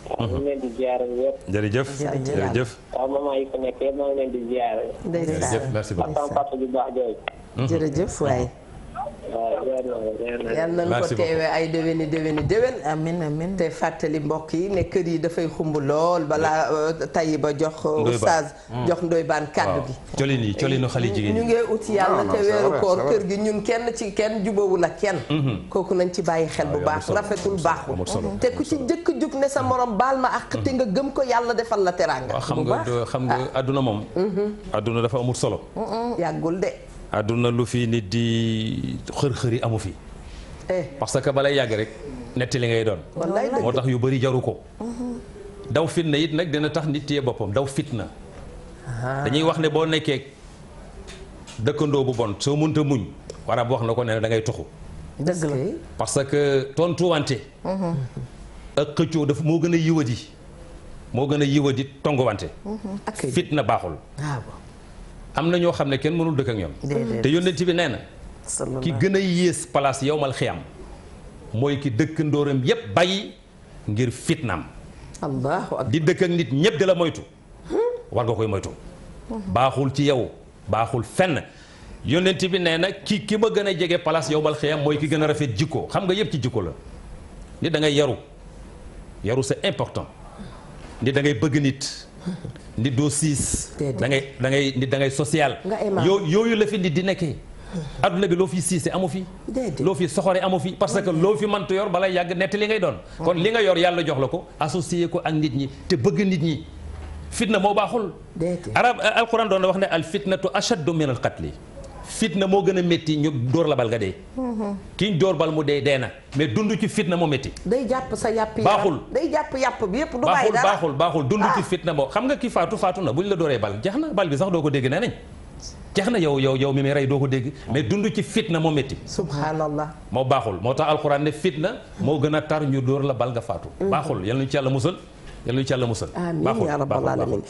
waaw ñu ngi leen di ziar yëpp. jërëjëf jërëjëf. waaw maman nekk yëpp ngi leen di ziar. jërëjëf merci beaucoup ak sama papa bu baax yal nañ ko teewee ay déwéni déwéni déwén amin amin te fàttali mbokk yi ne kër yi dafay xumb lool balaa euh, tayi ba jox euh, oustaz mm. jox ndoy baan kàddu gi colin yi colinu xale jigéen ñu ngee ut yàlla te weeru koor kër gi ñun kenn ci kenn jubawu ak kenn mm-hmm. kooku nañ ci bàyyi xel bu baax rafetul baaxul te ku ci jëkk jug ne sa moroom baal ma ak te nga gëm ko yàlla defal la teraanga xam nga xam ah. nga adduna moom adduna mm-hmm. dafa amul solo yàggul de àdduna lu fi nit di xër-xëri amu fi eh. parce que balay yàgg rek netti li ngay doon moo tax yu bëri jaru ko mhm. daw fitna it nag dina tax nit téye boppam daw fitna dañuy wax ne boo nekkee dëkkandoo bu bon soo munta muñ waraab wax na ko ne da ngay tuxu dëgg la parce que tontuwante mhm. ak xëccoo dafa moo gën a yiwadi moo gën a yiwadi tonguwante mhm. fitna baaxul ah am na ñoo xam ne kenn mënul dëkk ak ñoom te yónnent bi nee na ki gën a yées place yowmal xiyaam mooy ki dëkk ndóoram yépp bàyyi ngir fitnaam di dëkk ak nit ñépp di la moytu war nga koy moytu baaxul ci yow baaxul fenn yónnent bi nee na ki ki ma gën a jege place yowmal xiyaam mooy ki gën a rafet jikko xam nga yépp ci jikko la nit da ngay yaru yaru c'est important nit dangay bëgg nit nit doo siis da ngay da ngay nit da ngay social yoo yooyu la fi nit di nekkee adduna bi loo fi siise amu fi loo fi soxore amu fi parce que loo fi mënta yor balay yàgg nett li ngay doon kon li nga yor yàlla jox la ko associé ko ak nit ñi te bëgg nit ñi fitna moo baaxul arab alquran doon la wax ne al fitnatu ashaddu min al qatli fitna moo gën a métti ñu dóor la bal nga dee. Mm-hmm. ki ñu dóor bal mu dee dee na mais dund ci fitna moo métti. day jàpp sa yàpp baaxul day jàpp yàpp yëpp du bàyyi baaxul baaxul dund ci ah. fitna moo xam nga ki faatu faatu na ñu la dooree bal jeex na bal bi sax doo ko dégg nee nañ. jeex na yow yow yow mi may rey doo ko dégg mais dund ci fitna moo métti. subhanallah moo baaxul moo tax alxuraan ne fitna moo gën a tar ñu dóor la bal nga faatu. Mm-hmm. baaxul yal nañu ci yàlla musal yal nañu ci yàlla musal. amiin yaa rabbal alamin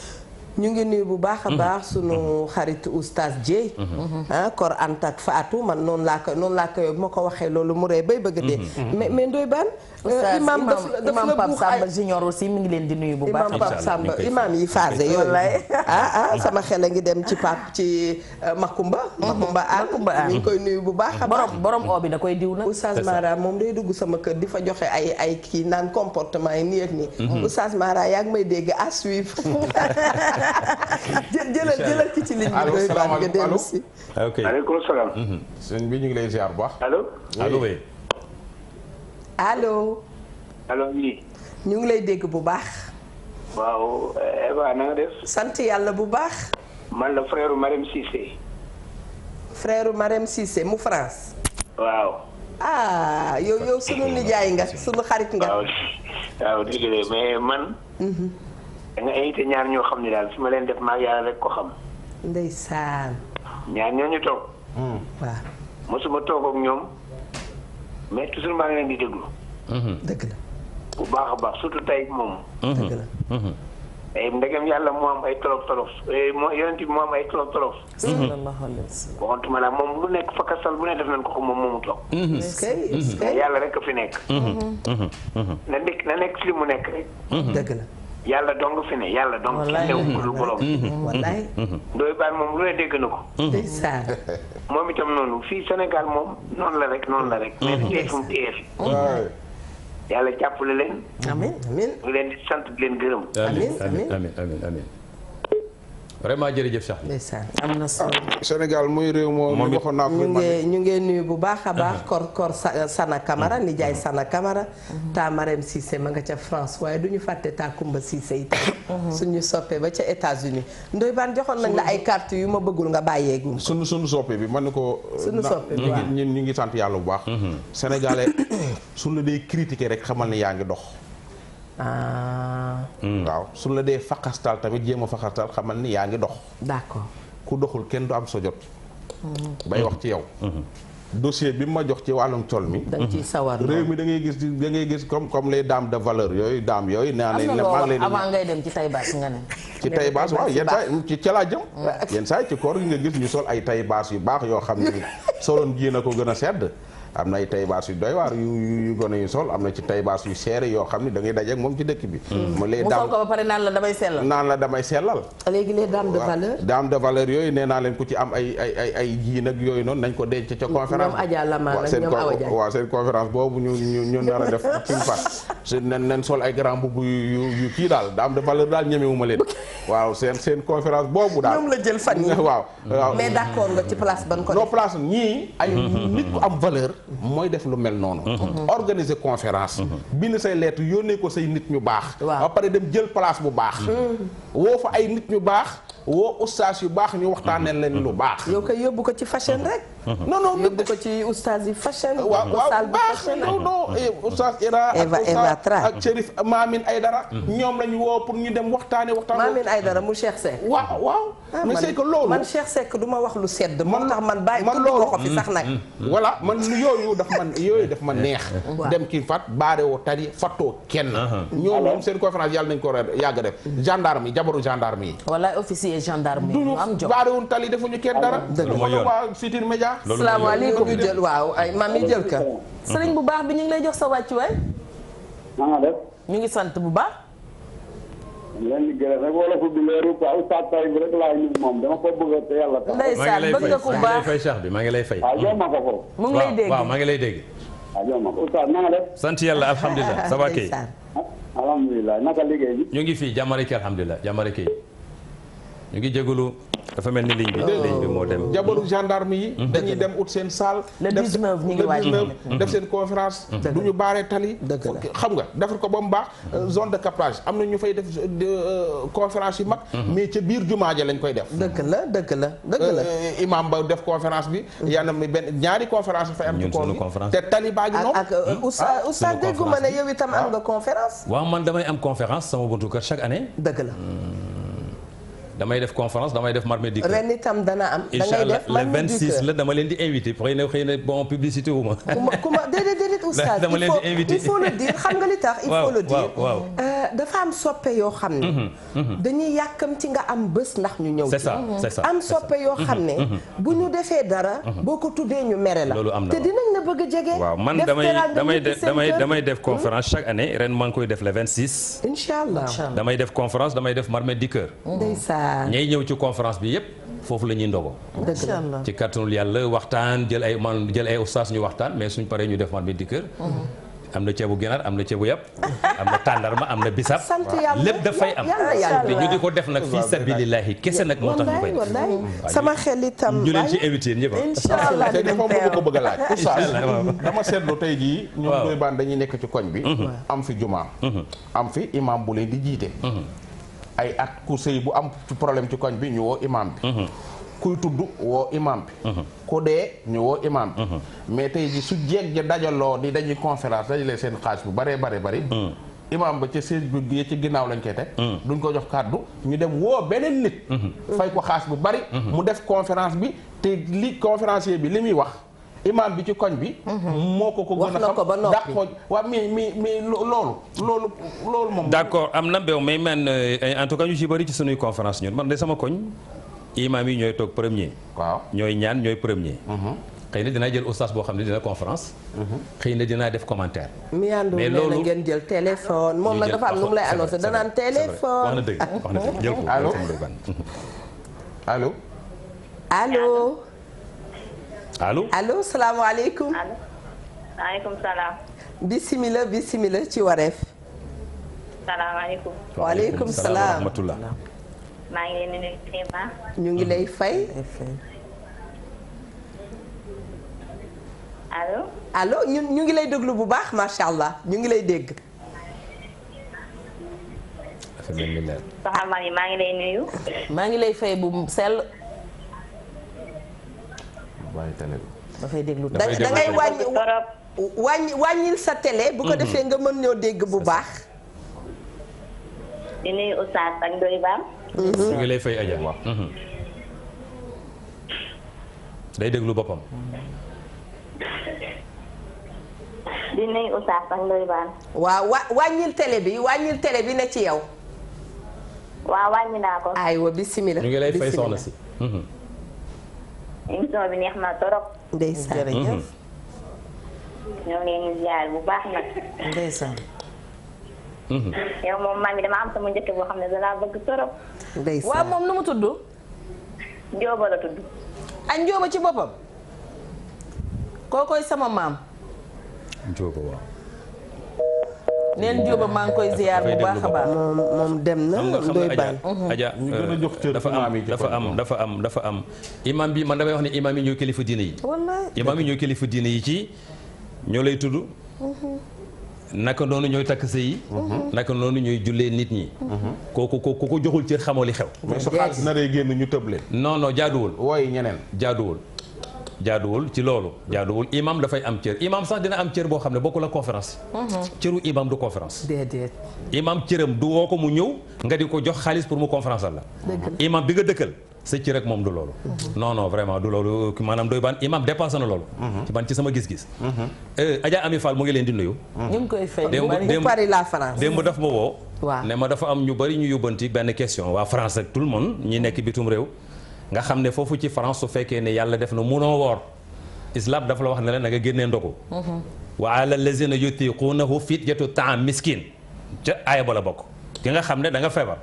ñu ngi nuyu bu baax a baax sunu xaritu oustaz Dieye mhm. ah, kor antak Fatou man noonu laa ko noonu laa ko bu ma ko waxee loolu mu ree bay bëgg dee mhm. mais mais Ndoye Bane Euh, imam imam Pape Samba Junior si mu ngi leen di nuyu bu baax. imam Pape Samba imam yi phase yooyu. Ah, ah, sama xel a ngi dem ci Pape ci euh, Makumba. Mhm. Makumba Al ñu ngi koy bu baax. borom borom bi da koy diw nag. Oustaz Mara moom day dugg sama kër di fa joxe ay ay kii naan comportement yi nii ak nii. Mhm. Oustaz Mara yaa ngi may dégg à suivre. jë jëlal jëlal ki ci ligne bi doy baax nga dellu si. Ah, ok maaleykum salaam. Mhm. sëñ bi ñu ngi lay ziar bu baax. allo allo oui. allo. allo ñii. ñu ngi lay dégg bu baax. waaw eh, Eva na def. sant yàlla bu baax. man la frère Marème Cissé. frère Marème Cissé mu France. waaw. ah yow yow sunu nijaay nga sunu xarit nga. waaw waaw dëgg mais man. Mhm. da nga ñaar ñoo xam ne daal su ma leen def maa yàlla rek ko xam. ndeysaan. ñaar ñoo ñu toog. waaw mosuma toog ak ñoom. mais toujours maa ngi leen di déglu. Mhm. dëgg la. bu baax a baax surtout tey moom. Mhm. dëgg la. ay mhm. eh, ndegem yàlla moo am ay tolof tolof eh, moo yonent bi moo am ay tolof tolof. sallallahu alayhi wa sallam. waxantuma la moom lu nekk fakasal bu ne def nañ ko ko moom moomu toog. est-ce que est-ce que yàlla rek a fi nekk. na nekk na nekk si li mu nekk rek. dëgg la. yàlla dong fi ne yàlla dong fi ne lu borom wallaay dooy baal moom lu ne dégg na ko mm-hmm. moom itam noonu fii Sénégal moom noonu la rek noonu la rek mm-hmm. mais fi dee fu mu téye mm-hmm. yàlla jàppale leen amiin amiin leen di sant di leen gërëm amiin amiin amiin amiin vraiment jërëjëf sax. ndeysaan am na solo. Ah, Sénégal muy réew moo. moom waxoon naa ko ñu ngi ñu nuyu bu baax a baax. Uh-huh. kor kor euh, Sana Camara uh-huh. nijaay uh-huh. Sana kamara taa Marème Cissé ma nga ca France waaye du ñu fàtte taa Kumba Cissé itam. suñu soppee ba ca États-Unis Ndoye Bane joxoon nañ la ay carte yu ma bëggul nga bàyyeegum. suñu suñu soppee bi man na ko. suñu soppee bi waaw ñu ngi sant yàlla bu baax. Sénégalais su la dee critiquer rek xamal ne yaa ngi dox. Ah. Hmm. waaw su la dee faqastal tamit jéem a faqastal xamal ni yaa ngi dox. d'accord ku doxul kenn du am sa jot. Hmm. bay wax ci yow. Hmm. dossier bi ma jox ci wàllum col mi. da nga da ngay gis da ngay gis comme comme les dames de valeur yooyu daam yooyu. naa nañ la maa dem ci taybaas nga ne. ci taybaas waaw yenn saa ci ca laa jëm. yenn saa ci koor gi nga gis ñu sol ay taybaas yu baax yoo xam ne soloon ji na ko gën a sedd. am na ay taybaas yu doy waar yu yu gone yu sol am na ci taybaas yu seere yoo xam ne da ngay daje moom ci dëkk bi. Mm. mu lay daan mu sol ko ba pare naan la damay sellal. naan la damay sellal. léegi les dames de valeur. yooyu nee naa leen ku ci am ay ay nag yooyu noonu nañ ko denc ca conférence. la ñoom Awa Dia boobu ñu ñu ñu nar a def king fat su nen nen kii daal dames de valeur daal ñemewuma leen. waaw seen seen conférence boobu daal ñoom la jël fan yii waaw. mais d'accord nga ci place ban ko non place ñii ay mooy def lu mel noonu mhm. organiser conférence mhm. bind say lettre yónnee ko say nit ñu baax ba pare dem jël palaas bu baax mhm. woo fa ay nit ñu baax woo ustaas yu baax ñu waxtaanee leen lu baax yow kay yóbbu ko ci fashion rek non non yóbbu ko ci oustaz yi fashion. waaw waaw eh, ak ak Chérif Mamine ñoom lañu woo pour ñu dem waxtaane waxtaan. Mamine Aydara mu Cheikh Seck. waaw waaw. Ah, mais c'est du ma wax lu sedd. man tax man bàyyi man loolu ko fi sax nag. Mm, mm, mm. voilà man yooyu ma neex. dem kii fat baare woo tali fattoo kenn. ñoom ñoom seen conférence yàlla nañu ko yàgg def gendarme yi jabaru gendarme yi. wala officier gendarme yi. am tali defuñu kenn dara. dëgg la waa Futurs Médias salaamaaleykum ñu jël waaw ay maam yi bu baax bi ñu ngi lay jox sa wàccuwaay. maa nga ñu ngi sant bu baax. leen di gërëm rek wala ko bi leeru quoi oustaz Taïb rek laay yàlla nga maa ngi lay fay Cheikh bi maa ngi lay fay. waaw jox ma ko ko. mu ngi lay dégg waaw maa ngi lay dégg. waaw jox ma ko oustaz na nga def. sant yàlla alhamdulilah ça va kay. alhamdulilah naka liggéey bi. ñu ngi fii jàmmare kii alhamdulilah jàmmare kii ñu ngi jégalu dafa mel ni ligne bi moo dem. jabaru gendarme yi. dañuy dem ut seen salle. le 19 ñu ngi waaj def seen conférence. du ñu baaree tali. xam nga defar ko ba mu baax. Euh, zone de captage am na ñu fay def euh, euh, conférence yu mag. Mhm. mais ca biir jumaa ja lañ koy def. dëgg la dëgg la dëgg la. imam ba def conférence bi. Mhm. yàlla mi benn ñaari conférence fay am. ci kaw te tali baa ngi noonu. ak ak hmm? oustaz ah, ne yow itam am ah. nga conférence. man damay am conférence sama buntu kër chaque année. dëgg la. Hmm. damay def conférence damay def marmé dikk ren itam am incha allah le dama leen di invité xëy na xëy na bon publicité wu ma ku invité il faut euh, am soppe yoo xam ne mhm, mhm. am bés ndax ñu ñëw c'est ça c'est am soppe mhm, dara boo ko tuddee ñu loolu am na waaw man damay damay def damay damay def conférence chaque année ren maa ngi koy def le 26 incha allah damay def conférence damay def marmé dikk ñay ñëw ci conférence bi yëpp foofu la ñuy ndogo ci kattanul yàlla waxtaan jël ay man jël ay ustaas ñu waxtaan mais suñ paree ñu def man bi di kër mm-hmm. am na ceebu ginaar am na ceebu yàpp am na tàndarma am na bisab lépp dafay am te ñu di ko def nag fii sabilillahi kese nag moo tax ñu koy sama xel itam ñu leen ci invité ñëpp ah. inshallah te dafa ma ko bëgg a laaj oustaz nekk ci koñ bi mm-hmm. am fi jumaa mm-hmm. am fi imam bu leen di jiite ay at ku sëy bu am problème ci koñ bi ñu woo imaam bi mhm. kuy tudd woo imaam bi mhm. ku dee ñu woo imaam bi mhm. mais tey ji su jeeg ja dajaloo ni dañuy conférence dajale seen xaalis bu baree bare bari imaam ba ci seen bi ci ginnaaw lañ koy teg duñ ko jox kàddu ñu dem woo beneen nit fay ko xaalis bu bari mu def conférence bi te li conférencier bi li muy wax imaam bi ci koñ bi. moo ko ko gën a xam dàq ko waaw mais mais moom. d' accord am na mbeew mais man euh, en tout cas ñu ci bëri ci sunuy conférence ñun man de sama koñ imaam yi ñooy toog premier. waaw ñooy ñaan ñooy premier. Mhm. xëy na dinaa jël oustaz boo xam ne dina conférence. Mhm. xëy na dinaa def commentaire. mais loolu miyaandu ngeen jël téléphone. moom nag dafa am lu mu lay annoncé danaan téléphone. wax na dëgg wax jël ko. allo allo allo salaamaaleykum. allo maaleykum simila bisimila bisimila ci wareef. salaamaaleykum. waaleykum salaam rahmatullah. maa ngi leen di nuyu ñu ngi lay fay. allo. allo ñu ñu ngi lay déglu bu baax macha allah ñu ngi lay dégg. maa ngi lay nuyu. maa ngi lay fay bu sel bàyyi télé dafay déglu da ngay wàññi wàññi wàññil sa télé. bu ko mhm. defee nga mën ñoo dégg bu baax. di nuyu Oustaz ak Ndoye Bam. Mhm. ñu ngi lay mhm. boppam. di nuyu Oustaz ak Ndoye Bam. waaw wa wàññil télé bi wàññil télé bi ne ci yow. waaw wàññi naa ko. aywa bisimilah. ñu ngi lay émission bi neex na torop. ndeysaan jërëjëf. ñoo bu baax nag. ndeysaan. Mhm. moom maa ngi dama am sama njëkk boo xam ne dalaa laa bëgg torop. ndeysaan waaw moom nu mu tudd. Njóoba la tudd. ak Njóoba ci boppam. kookoy sama maam. Njóoba waaw. neen Jóoba maa ngi koy ziar bu baax a baax moom moom dem na doy baan aja dafa am dafa am dafa am dafa am imam bi man damay wax ne imam yi ñooy kilifa diine yi imam yi ñooy kilifa diine yi ci ñoo lay tudd mhm. naka noonu ñooy takk sa yi mhm. naka noonu ñooy jullee nit ñi mhm. kooku ko joxul ci xamoo li xew mais su xaalis naree génn ñu tëb leen non non ñeneen jaaduwul jaaduwul ci loolu jaaduwul imam dafay am cër imam sax dina am cër boo xam ne bokkul ak conférence mhm. cëru imam du conférence imam cëram du woo ko mu ñëw nga di ko jox xaalis pour mu conférence la imam bi nga dëkkal sa cër rek moom du loolu mhm. non non vraiment du loolu maanaam doy baan imam dépassé loolu mhm. ci ci sama gis-gis euh, Adja Ami Fall mu ngi leen di nuyu ñu ngi koy fay bu Paris la France démb daf ma woo ne ma dafa am ñu bari ñu yóbbanti benn question waa France ak tout le monde nga xam ne foofu ci France su fekkee ne yàlla def na munoo woor islam dafa la wax ne la na nga génnee ndogu mm-hmm. wa ala lazina yutiquunahu fidyatu taam miskin ca aaya ba la bokk ki nga xam ne danga nga feebar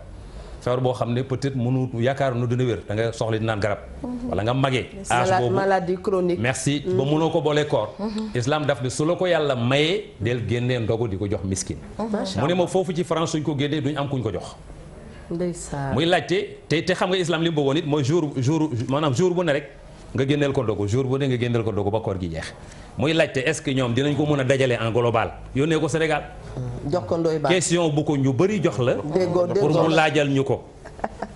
feebar boo xam ne peut-être mënu yaakaar nu dina wér da nga soxla di naan garab mm-hmm. wala nga magee âge boobu merci ba mënoo mm-hmm. ko boolee koor islam daf ne su la ko yàlla mayee del génnee ndogu di ko jox miskin mu ne ma foofu ci France suñ ko génnee duñ am kuñ jox muy laajte te te xam nga islam li mu bëggoon it mooy jour jour maanaam jour bu ne rek nga génneel ko dogu jour bu ne nga génneel ko dogu ba koor gi jeex muy laajte est-ce que ñoom dinañ ko mën a dajale en global yónnee ko Sénégal. Mm, jox ko ndoy question bu ko ñu bëri jox la. pour mu laajal ñu ko.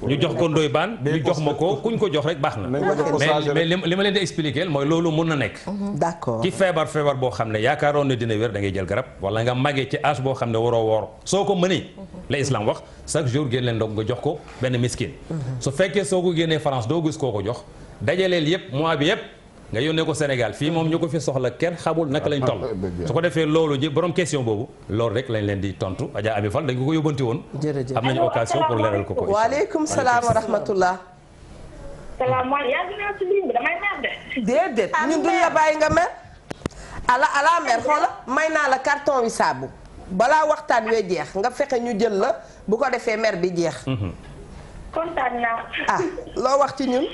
ñu jox ko doy baan ñu jox ma ko kuñ ko jox rek baax na mais li ma leen di expliquer mooy loolu mun na nekk mhm. d'accord ki feebar feebar boo xam ne yaakaaroon ne dina wér dangay ngay jël garab wala nga màggee ci âge boo xam ne waroo woor soo ko mënee mhm. la islam wax chaque jour génn leen ndog nga jox ko benn miskin mhm. su fekkee soo ko génnee France doo gis koo ko jox dajaleel yëpp mois bi yëpp nga yónnee ko Sénégal fii moom ñu ko fi soxla kenn xamul naka lañ toll ah, su ko defee loolu ji borom question boobu loolu rek lañ leen di tontu Adja Ami Fall dañ ko ko yóbbanti woon am nañu occasion pour ko ko waaleykum salaam wa rahmatullah salaamaaleykum yàgg naa si ligne bi de ah, ñun duñ la bàyyi nga mer ala ala mer xoola may naa la carton wi saabu balaa waxtaan wee jeex nga fexe ñu jël la bu ko defee mer bi jeex mhm. kontaan naa ah loo wax ci ñun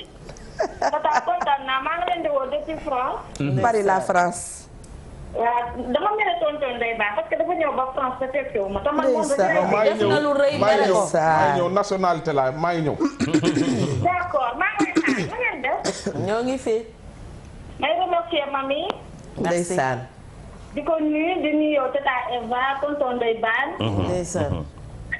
tata kontaan naa maa ngi leen di woo depuis France. la France. waaw dama mel tonton day baax parce que dafa ñëw ba France te fekk yow ma. def na lu rëy maa ngi ñëw nationalité la maa ngi ñëw. d'accord maa ngi lay xaar ngeen def. ñoo ngi fi. may remercier mami. ndeysaan. di ko nuyu di nuyu yow tata Eva tonton day baax. ndeysaan.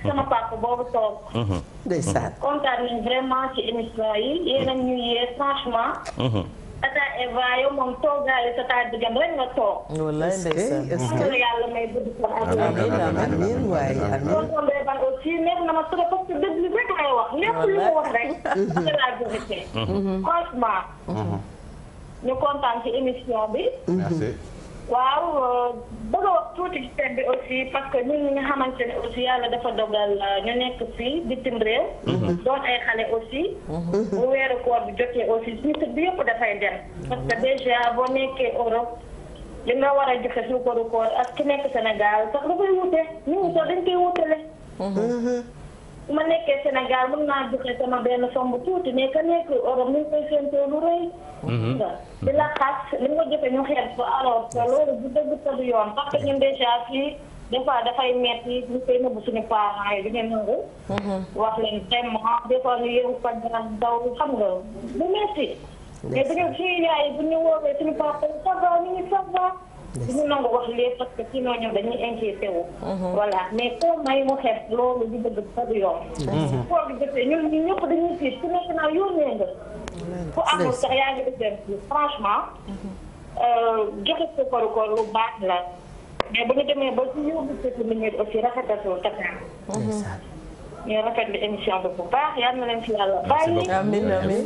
sama papa boobu toog. Mhm. ndeysaan mhm. kontaan nañ vraiment ci émission yi yéen a ñuy yee franchement. Mhm. Tata Eva yow moom toogaayu tata Digam rek nga toog. wallaay ndeysaan est ce que yàlla may gudd fan. amiin amiin waay amiin. soo tombee ban aussi neex na ma trop parce que dëgg li rek lay wax. lépp lu mu wax rek. c'est la vérité. franchement. ñu kontaan ci émission bi. merci. waaw euh, bëgg a wax tuuti ci thème bi aussi parce que ñun ñi nga xamante ne aussi yàlla dafa dogal euh, ñu nekk fii bitim réew. Mhm. doon ay xale aussi. Mhm. weeru koor bi jotee aussi suñu kër bi yëpp dafay dem. parce que boo nekkee Europe li nga war a joxe suñu koru koor ak ki nekk Sénégal sax dafay wute ñun sax dañ koy wutale. Mhm. ma nekkee Sénégal mën naa joxe sama benn somb tuuti mais que nekk Europe ñu ngi koy lu rëy. Mhm. di la xas li nga joxe ñu xeet ko alors que loolu bu dëgg sa du yoon parce que ñun a fii des fois dafay metti ñu koy nëbbu suñu parents yi dañuy nangu. Mhm. wax leen vraiment des fois ñu yeewu ko daan daw xam nga bu metti mais bu ñu suñu yaay bu ñu woowee suñu papa ça va ñu ngi du ñu nangu wax lépp parce que sinon ñoom dañuy inquiété wu. Mhm. voilà mais koo may mu xees loolu di dëgg fa du yoon. Mhm. koo gi jotee ñun ñun ñëpp dañuy tiit ku nekk naa yónnee nga. ngi exercice franchement. Mhm. Euh, lu baax la. mais bu ñu demee ba ci yóbbu ci minute aussi rafetatul takkaan. ñu rafetlu émission bi bu baax yal na leen fi yàlla bàyyi. amiin amiin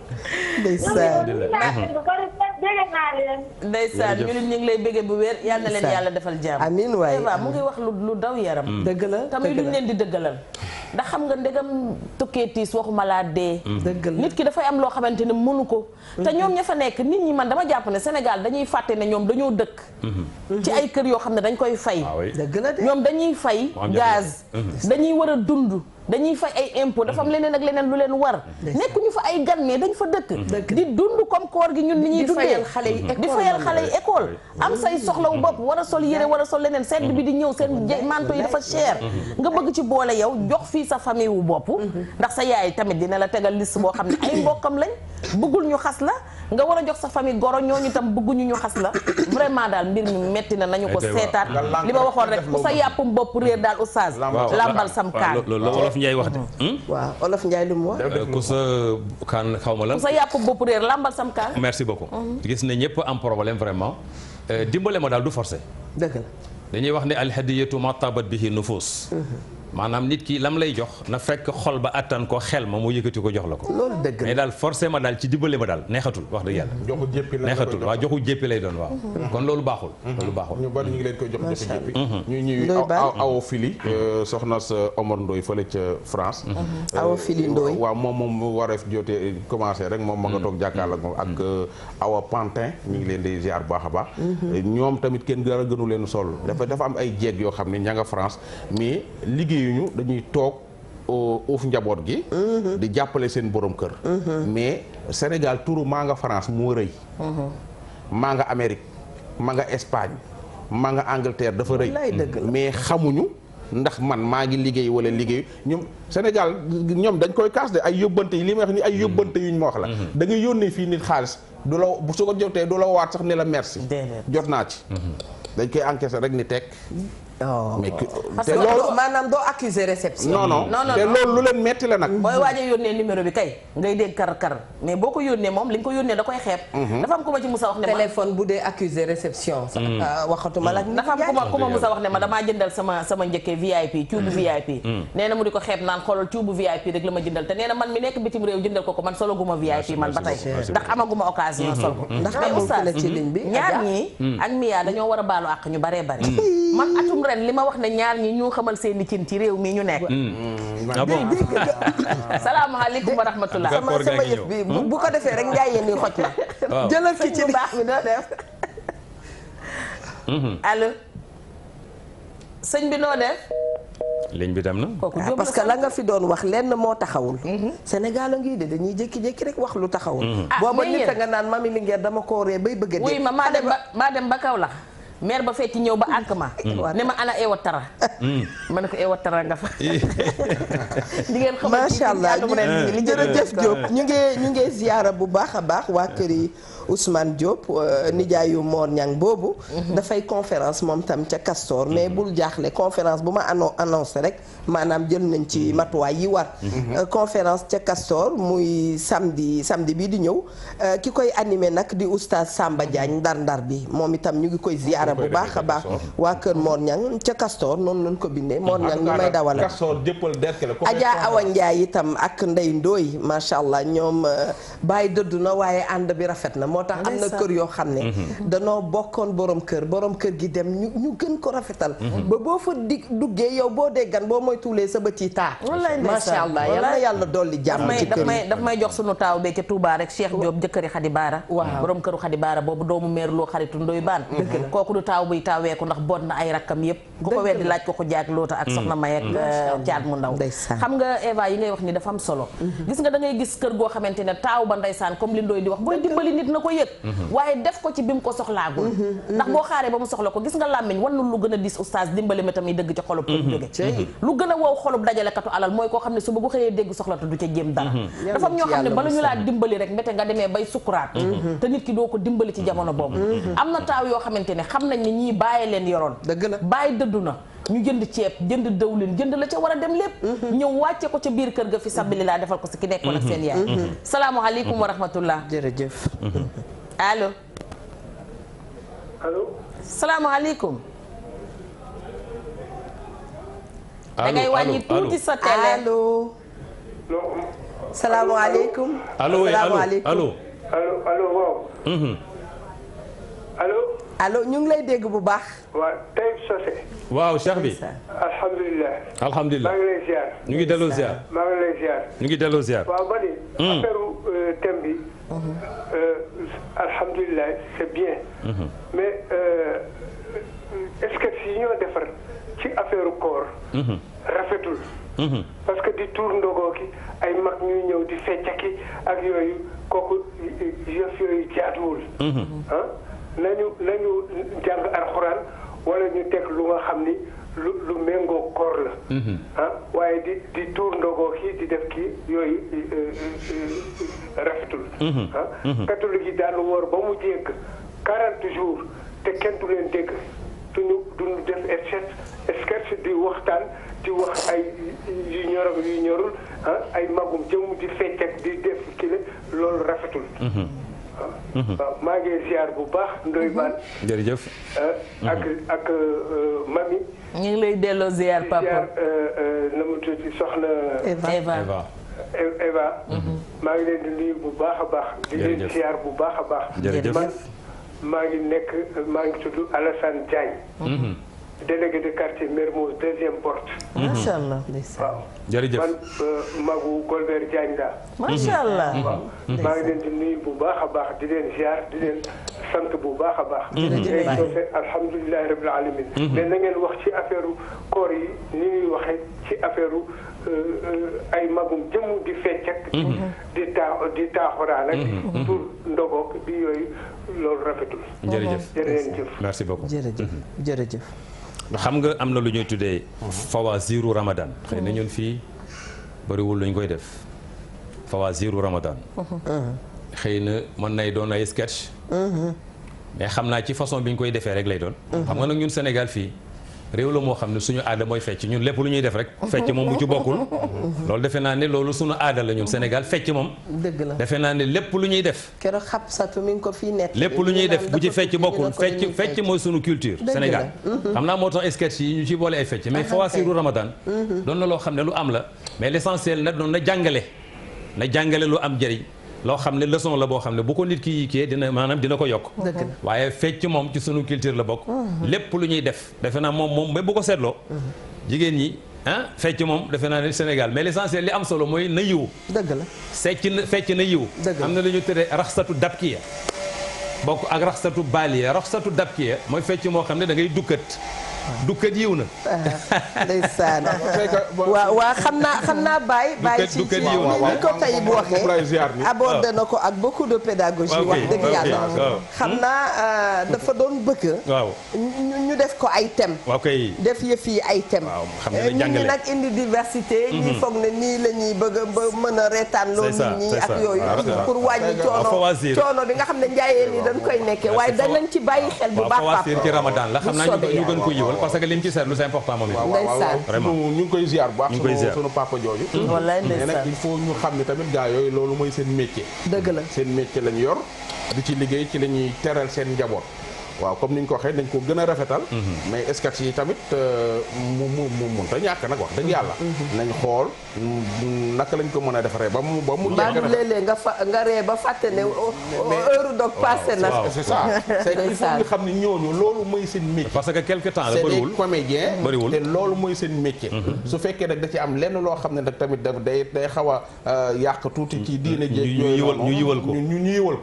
ndeysaan ndeysaan ñu nit ñu ngi lay béggee bu wér yal leen yàlla defal jàmm amiin waay Eva um, mu ngi wax lu lu daw yaram mm. dëgg la tamit lu ñu leen di dëggalal ndax xam nga ndegam tukkee tiis waxuma laa dee mm. dëgg nit ki dafay am loo xamante ne mënu ko mm-hmm. te ñoom ña fa nekk nit ñi man dama jàpp ne senegal dañuy fàtte na ñoom dañoo dëkk mm-hmm. ci ay kër yoo xam ne dañ koy fay ah dëgg la de ñoom dañuy fay gaz mm-hmm. dañuy war a dund dañuy fay ay impôt dafa am mm-hmm. leneen ak leneen lu leen war nekk ñu fa ay gan mais dañ fa dëkk di dund comme koor gi ñun ni ñuy dundee di fayal xale yi école am say soxlawu bopp war a sol yére war a sol leneen sedd bi di ñëw seen mm-hmm. manto yi dafa cher mm-hmm. nga bëgg ci boole yow jox fii sa famille wu bopp ndax sa yaay tamit dina la tegal liste boo xam ne ay mbokkam lañ bëggul ñu xas la nga war a jox sa famille goro ñoo ñooñu tam bëgguñu ñu xas la vraiment daal mbir mi metti na nañu ko li ma waxoon rek ku sa yàppum bopp Ndiaye wax de. Hmm? waaw olof Ndiaye lu ku sa kaan xaw ma lan. ku sa yàpp bopp réer làmbal sam kaan. merci beaucoup. gis ne ñëpp am problème vraiment euh, dimbale ma daal du forcé dëgg dañuy wax ni ne alhadiyatu ma tabat bihi nufus maanaam nit kii lam lay jox na fekk xol ba attan ko xel ma moo yëkkati ko jox la ko. loolu dëgg mais daal forcément daal ci dimbale ma daal neexatul wax dëgg yàlla. joxu jéppi lay neexatul waaw joxu jéppi lay doon waaw. Mhm. kon loolu baaxul. Mhm. loolu baaxul ñu bari ñu ngi leen koy jox joxu jéppi. ñu ñuy awo fili. Euh, soxna sa Omar Ndoye ca France. Mhm. Euh, awo fili Ndoye waaw moom moom wareef jotee euh, commencé rek moom ma nga toog jàkkaarloo ak moom ak awa Pantin ñu ngi leen di ziar baax a baax. ñoom tamit kenn dara gënu leen sol dafa dafa am ay jeeg yoo xam ne ña nga France mais liggéey liggéeyuñu dañuy toog euh, uuf njaboot gi mm-hmm. di jàppale seen borom kër mm-hmm. mais Sénégal turu maa nga France moo rëy mm-hmm. maa nga Amérique maa nga Espagne maa nga Angleterre dafa rëy mais xamuñu ndax man maa ngi liggéey wala liggéey ñoom Sénégal ñoom dañ koy kaas de ay yóbbante yi li may wax ni ay yóbbante yuñ ma wax la da nga yónnee fii nit xaalis du la bu su ko jotee du la waat sax ne merci jot naa ci dañ koy encaissé rek ni teg mais parce que loolu maanaam doo accuser réception. non non te loolu a yónnee numéro bi kay ngay dégg kar kar mais boo ko yónnee moom li nga ko yónnee da koy xeeb. naan xoolal cuubu VIP rek la ma jëndal te nee man mi nekk bitim réew jëndal ko ko man solo guma VIP man ba tey ndax amaguma occasion mm-hmm. sol ko. Mm-hmm. ndax amul ci ligne bi ñaar ñii mm. ak Mia dañoo war a baalu àq ñu baree bare mm. man atum leen li ma wax ne ñaar ñi ñu xamal seeni cin ci réew mi ñu nekk. Mm. Mm. Ah salaamaaleykum wa rahmatulah. sama sama yëf bi bu ko defee rek njaay yéen ni xoj la. jëlal ci bi noo def. Mm-hmm. sëñ bi noo def. liñ bi dem na. Ah, parce la nga fi doon wax lenn moo taxawul. Mm-hmm. Sénégal a ngi de dañuy jékki-jékki rek wax lu taxawul. Mm-hmm. ah booba nit a nga naan mami Linguère dama ko ree bay bëgg a dee. maa dem ba maa la maire ba fekk ñëw ba àgg ma. Mm. ne ma ana ewa tara. Mm. ma ne ko ewa tara nga fa. di ngeen xamal macha allah ñu jërëjëf eh. Diop ñu ziyaara bu baax a baax waa kër yi. Ousmane Diop euh, nijaayu Mor Niang boobu. Mhm. dafay conférence moom tam ca Castor. mais mhm. bul jaaxle conférence bu ma ano annoncé rek maanaam jël nañ ci mhm. matuwaay yi war. Euh, conférence ca Castor muy samedi samedi bii di ñëw euh, ki koy animé nag di oustaz Samba Diagne ndar-ndar bi moom itam ñu ngi koy ziyaara bu baax a baax. waa kër Mor Niang ca Castor noonu lañ ko bindee. Mor Niang ñu may dawal Adja Awa Ndiaye itam ak Ndey Ndooy macha allah ñoom bàyyi dëdd na waaye ànd bi rafet na. moo tax am na kër yoo xam ne mhm. danoo bokkoon borom kër borom kër gi dem ñu ñu gën ko rafetal mhm. ba boo fa di duggee yow boo déggan boo mooy tuulee sa bët yi taa masha allah yal na yàlla dolli jàmm ci kër yi daf may jox sunu taaw bee ca Touba rek Cheikh Diop jëkkëri Xadi Baara waaw borom këru Xadi Baara boobu doomu meer loo xaritu ndoy baan kooku du taaw buy taaweeku ndax boot na ay rakkam ku ko weddi laaj ko ko jaag loota ak soxna may ak euh, caat mu ndaw xam nga Eva yi ngay wax ni dafa am solo mhm. gis nga da ngay gis kër goo xamante ne taaw comme li ndoy di wax booy dimbali nit na ko yëg waaye def ko ci bi mu ko soxlaagul ndax boo xaaree ba mu soxla ko gis nga làmmiñ wannul lu gën a dis oustaz dimbali ma tamit dëgg ci xolub ko jóge mm-hmm. Mm-hmm. lu gën a wow xolub dajalekatu alal mooy koo xam ne su bu xëyee dégg soxlatu du ca jéem dara mm-hmm. dafa am ñoo xam ne bala ñu laa dimbali rek mbete nga demee bay sukuraat te nit ki doo ko dimbali ci jamono boobu am na taaw yoo xamante ne xam nañ ni ñii bàyyi leen yoroon dëgg la bàyyi dëddu na ñu jënd ceeb jënd dëwlin jënd la ca war a dem lépp mhm. ñëw wàcce ko ca biir kër ga fi sabili laa mhm. defal ko si ki nekkoon ak mhm. seen yaay salaamaaleykum wa rahmatullah jërëjëf allo allo salaamaaleykum da ngay wàññi tuuti sa télé allo salaamaaleykum allo allo allo allo ñu ngi dégg bu baax. waaw Taïb waaw cheikh bi. alhamdulilah. alhamdulilah maa ngi lay ziar. ñu ngi delloo ziar. maa lay ziar. ñu ngi delloo ziar. waaw bali ni. Hmm. affaire euh, thème mhm. euh, alhamdulilah c'est bien. Mhm. mais euh, est-ce que si ñoo defar ci affaire koor. Mhm. rafetul. parce que di tuur ndogoo ay mag ñuy ñëw di feccaki ak yooyu kooku yëf yooyu jaaduwul. nañu nañu jàng alxuraan walla ñu teg lu nga xam ni lu lu méngoo koor la. Mhm. Ah, waaye di di tuur ndogoo kii di def ki yooyu rafetul. Mhm. ah mhm. yi daal woor ba mu jégg 40 jours te kenn du leen dégg duñu duñu def sketch di waxtaan di wax ay yu ñorom yu ñorul ah, ay magum jëmu di fecc di def kii la loolu rafetul. Mhm. waaw maa ngi ziar bu baax Ndoye mhm. Bane. jërëjëf. Euh, ak mhm. ak euh, mami. ñu ngi lay delloo ziar papa ziar euh, na mu tudd soxna. Eva Eva. Eva. E-, maa ngi leen di nuyu bu baax a baax. di leen ziar bu baax a baax. jërëjëf maa ngi nekk maa ngi tudd Alassane Diagne. délégué de quartier Mermoz deuxième porte. macha allah waaw. jërëjëf man euh, Magu Golbert Diagne laa. macha allah. waaw mhm. maa ngi leen di nuyu bu baax a baax di leen ziar di leen sant bu baax a baax. jërëjëf waay tey alhamdulilah ngeen wax ci affaire koor yi ni ñuy waxee ci affaire euh, ay magum jëmm di fecc ak. Mhm. di taa di taaxuraan ak. pour mhm. ndogoog bi yooyu loolu rafetul. jërëjëf xam nga am na lu ñuy tuddee. fawaziru ramadan. xëy na ñun fii bariwul lu koy def fawaziru ramadan. Uh-huh. xëy na mën nay doon ay sketch. Uh-huh. mais xam naa ci façon bi ñu koy defee rek lay doon. Uh-huh. xam nga nag ñun Sénégal fii. réew la moo xam ne suñu aada mooy fecc ñun lépp lu ñuy def rek fecc moom bu ci bokkul loolu defe naa ne loolu suñu aada la ñun Sénégal fecc moom dëgg la defe naa ne lépp lu ñuy def keroog xam satu mi ngi ko nekk lépp lu ñuy def bu ci fecc bokkul fecc fecc mooy suñu culture Sénégal mhm. xam naa moo tax sketch yi ñu ci boole ay fecc mais ah, fawaasiru ramadan mhm. doon na loo xam ne lu am la mais l'essentiel na doon na jàngale na jàngale lu am njëriñ loo xam ne leçon la boo xam ne bu ko nit ki yi kee dina maanaam dina ko yokk waaye fecc moom ci sunu culture la bokk mhm. lépp lu ñuy def defe naa moom moom mais bu ko seetloo mhm. jigéen ñi ah fecc moom defe naa ne Sénégal mais l'essentiel li am solo mooy na yiw dëgg la secc na fecc na yiw am na lu ñu tëddee raxsatu dabkiya bokk ak raxsatu baaliya raxsatu dabkiya mooy fecc moo xam ne da ngay dukkat du dukkat yiw na. ndeysaan waaw waaw xam naa xam naa Baye. Baye ci ci ni ko tey bu waxee. abordé ah. na ko ak beaucoup de pédagogie. wax dëgg yàlla ah. xam naa euh, dafa doon bëgg. ñu def ko ay thèmes. def yëf yi ay thèmes. nit eh, ñi nag indi diversité. Mhm. ñi foog na nii la ñuy bëgg ba mën a reetaan loolu nit ñi ak yooyu. Ah, pour wàññi coono coono bi nga xam ne njaayeen yi dañ koy nekkee waaye danañ ci bàyyi xel bu baax a baax. taabal parce que li lim ci seetlu c'est important moom it vraiment ñu ngi koy ziar bu baax sunu sunu papa jooju mm-hmm. mais nag il ñu xam ne tamit gaa yooyu loolu mooy seen métier dëgg la seen métier lañu yor di ci liggéey ci la ñuy teral seen njaboot waaw comme ni ñu ko waxee dañ ko gën a rafetal mhm. mais sketch yi tamit euh, mu mu mu mun te ñàkk nag wax dëgg mhm. yàlla mhm. nañ xool naka lañ ko mën a defaree ba mu ba mu jekk léeg nga fa nga ree ba fàtte ne heure dog passé na c'est ça c'est il faut ñu xam ne ñooñu loolu mooy seen métier parce que quelque temps la bëriwul c'est des comédiens bëriwul loolu mooy seen métier su fekkee nag da ci am lenn loo xam ne nag tamit daf day day xaw a euh, yàq tuuti ci diine jéeg ñu yiwal ko ñu yiwal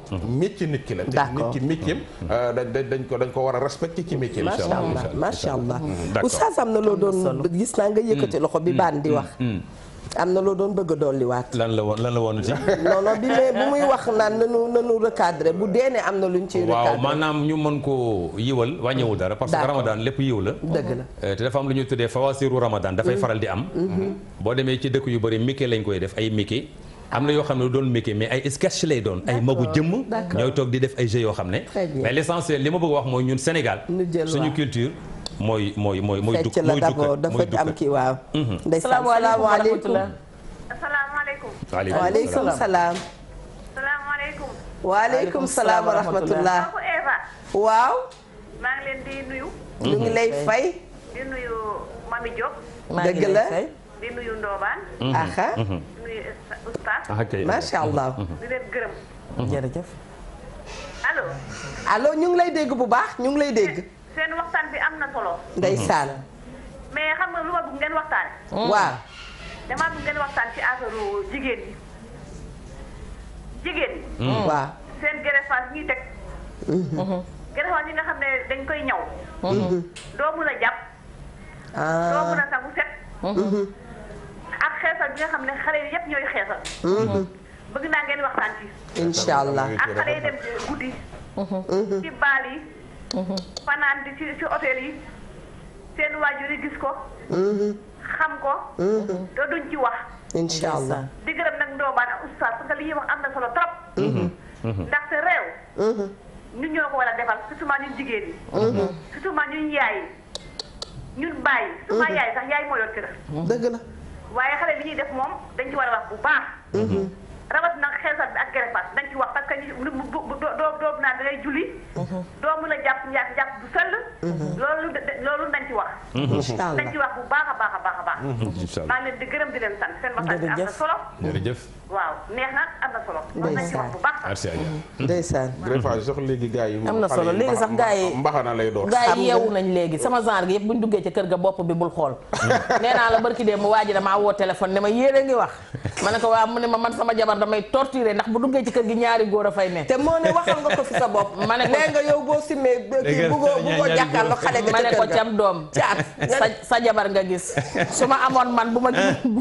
ko nit ki métier euh, dañ dañ ko dañ ko war a respecté ci métier macha allah macha allah oustaz am na loo doon gis naa nga yëkkati loxo bi mm, baan di mm, wax mm. am na loo doon bëgg a dolliwaat. lan la woon lan la woon ci. non non bi mais bu muy wax naan nanu nanu recadré bu dee am na lu ñu ci recadré waaw maanaam ñu mën koo yiwal wàññewu dara. parce que ramadan lépp yiw la. dëgg la euh, te dafa am lu ñuy tuddee fawaasiru ramadan dafay faral di am. Mm-hmm. boo demee ci dëkk yu bëri miki lañ koy def ay miki. am na yoo xam ne doon métier mais ay sketch lay doon ay magu jëmm ñooy toog di def ay jeux yoo xam ne mais li ma bëgg wax mooy ñun Sénégal suñu culture mooy mooy mooy mooy dugg mooy dugg dafa am kii waaw mhm. wa rahmatullah waaw maa ngi leen di nuyu ñu ngi lay fay di nuyu Mami dëgg la di nuyu Ndobaan. Mhm. aha mhm. Mhm. nuyu Oustaz. macha allah. di leen gërëm. jërëjëf. allo. allo ñu ngi lay dégg bu baax ñu ngi lay dégg. seen waxtaan bi am na solo. ndeysaan. mais xam nga lu ma bëgg ngeen waxtaan. waaw. damaa bëgg ngeen waxtaan ci affaire jigéen ñi. jigéen ñi. waaw seen greffage ñuy teg. greffage yi nga xam ne dañ koy ñaw. doo mun jàpp. Ah. doo mun a sangu set. ak xeesal bi nga xam ne xale yi yëpp ñooy xeesal. Mm-hmm. bëgg naa ngeen waxtaan ci. incha ak xale yi dem guddi. Mm-hmm. ci baal yi. Mm-hmm. fanaan di ci hôtel yi. seen waajur yi gis ko. xam ko. te duñ ci wax. incha di gërëm nag ndoobaan ak oustaz parce que li wax am na solo trop. ndaxte réew. ñun ñoo ko war a defal surtout maa ñun jigéen ñi. surtout maa ñun yaay ñun bàyyi. surtout maa yaay sax yaay moo yor kër. dëgg la. waaye xale bi ñuy def moom dañ ci war a wax bu baax. Mhm. rawat nag xeesal bi ak kerefaas dañ ci wax parce que ñu doo doo naa da ngay julli. Mhm. doo mën a jàpp njàpp njàpp bu sell. Mhm. loolu loolu dañ ci wax. incha allah dañ ci wax bu baax a baax a baax a baax. incha allah maa ngi leen di gërëm di leen sant seen waxtaan bi am na solo. jërëjëf. waaw neex na am na solo. ndeysaan merci beaucoup. Mhm. léegi gars yi. am na solo léegi sax gars yi mbaxana lay doon. gars yi yeewu nañ léegi sama genre gi yëpp bu ñu duggee ci kër ga bopp bi bul xool. nee naa la barki dee mu waa ji damaa woo téléphone ne ma yéen a ngi wax. ma ne ko waa mu ne ma man sama jabar damay torturer ndax bu duggee ci kër gi ñaari góor a fay ne. te moo ne waxal nga ko fi sa bopp. ma ne ko nee nga yow boo simmee. léegi bu xale nga doom. sa sa jabar nga gis su ma amoon man bu ma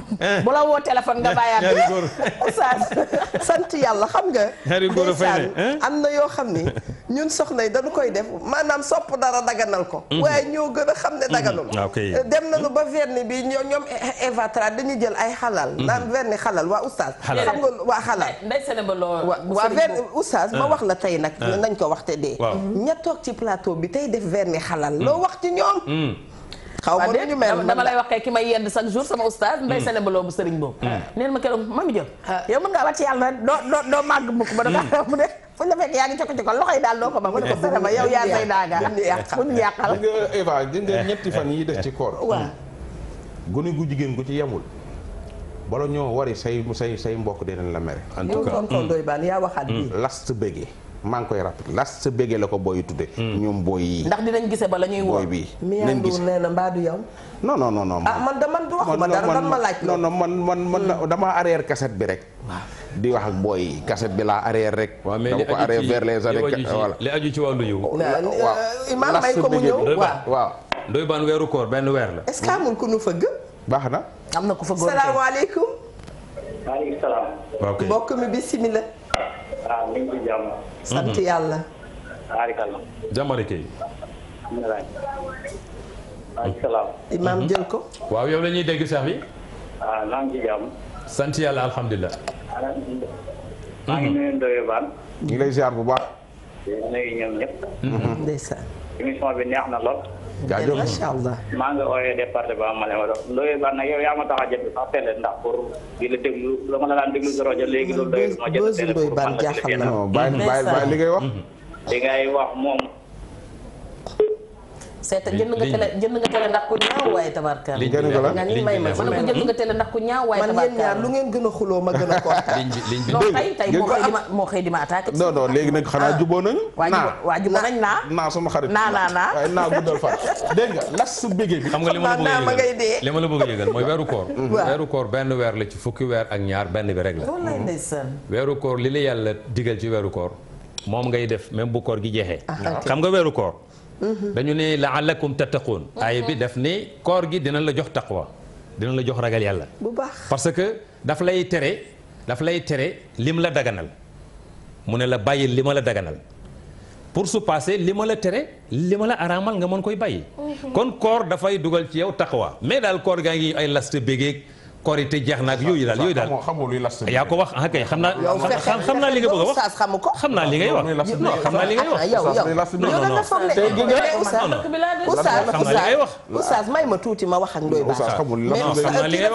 bu la woo téléphone oustaz sant yàlla xam nga ndeysaan am na yoo xam ni ñun soxna yi dañu koy def maanaam sopp dara daganal ko mhm. waaye ñoo gën a xam ne mhm. daganul ah, dem nañu ba verni bi ñoo ñoom Eva Tra dañuy jël ay xalaal mhm. naan verni xalal waa oustaz xam nga waa xalal waa verni oustaz ma ah. wax la tey nag ah. nañ ko waxte dee ña toog ci plateau bi tey def verni xalal mm. loo wax ci ñoom mm. xaw ma lu ñu dama lay wax kay ki may yend chaque jour sama oustaz mm. mbay sene baloo bu sëriñ boobu mm. neen ma keroog mami jël ah. yow mën ngaa wàcc yàlla doo doo màgg mukk ba dangaa mm. la yaa ngi cokk cokk loxo yi daal doo ko ma mu ne ko sene ma yow yaa say daaga buñ yàqal nga Eva def ci eh. koor waaw gone gu jigéen gu ci yemul bala ñoo wari say say say mbokk dinañ la mere en tout cas doy baan yaa waxaat bi last bëggee maa ngi koy rappelé las sa béggee la ko booy tudde hmm. ñoom booy yi ndax dinañ gise ba la ñuy woo booy bi nañ gis nee na mbaa du yow non non non non ah man da man du wax ma dara man ma laaj non non man man man hmm. dama arrière cassette bi rek di wax ak booy yi cassette bi laa arrière rek dama ko arrière vers les années voilà li aju ci wàllu yiw oh, waaw imaam may ko mu ñëw waaw waaw ndoy baan weeru koor benn weer la ko ce que amul ku fëgg baax na am na ko fëgg salaamaaleykum maaleykum salaam mbokk mi bismillah waaw ah, ñu ngi ci jàmm sant mhm. yàlla. harikalla. jàmbari kay. Mhm. ko. waaw yow la ñuy dégg seex bi. ah naa ngi ci jàmm. sant yàlla alhamdulilah. maa ngi mhm. nuyu Ndoye Bane. ñu ngi lay ziar bu baax. nuyu ñoom ñëpp. ndeysaan. émission bi neex na lool. jaajëf macha allah. maa ngi ooyee département Malem Hodar Ndoye Bane nag yow yaa ma tax a jënd sax télé ndax pour di la déglu dama la daan déglu sa rajo léegi loolu doyul ma jënd télé pour fan la la gën a. bàyyi bàyyi li ngay wax. li ngay wax moom. seet jënd nga télé jënd nga télé ndax ku ñaaw waaye tabarkaar nga ko jënd man yéen ñaar lu ngeen gën a xuloo ma gën a kontaan liñ bi tey tey moo xëy di ma moo nag xanaa ah. juboo nañu naa waa juboo nañ naa naa sama xarit naa waaye naa guddal fa dégg nga las su bégee li ma la bëgg a yëgal ma la a mooy weeru koor weeru benn weer la ci fukki weer ak ñaar benn bi weeru koor li la yàlla digal ci weeru koor moom ngay def meme bu koor gi jeexee ah, xam nga weeru koor dañu ne la'allakum tattaqun mhm. aaya bi daf ne koor gi dina la jox taqwa dina la jox ragal yàlla bu baax parce que daf lay tere daf lay tere lim la daganal mu ne la bàyyi li ma la daganal pour su passé li ma la tere li ma la araamal nga mën koy bàyyi mhm. kon koor dafay dugal ci yow taqwa mais daal koor gaa ngi ay last bégeeg korite jeex na ak yooyu daal yooyu daal yaa ko wax ah kay xam naa xam naa li nga bëgg a wax xam naa li ngay wax non xam naa li ngay wax yow yow yow wax oustaz may ma tuuti ma wax ak ndoy ba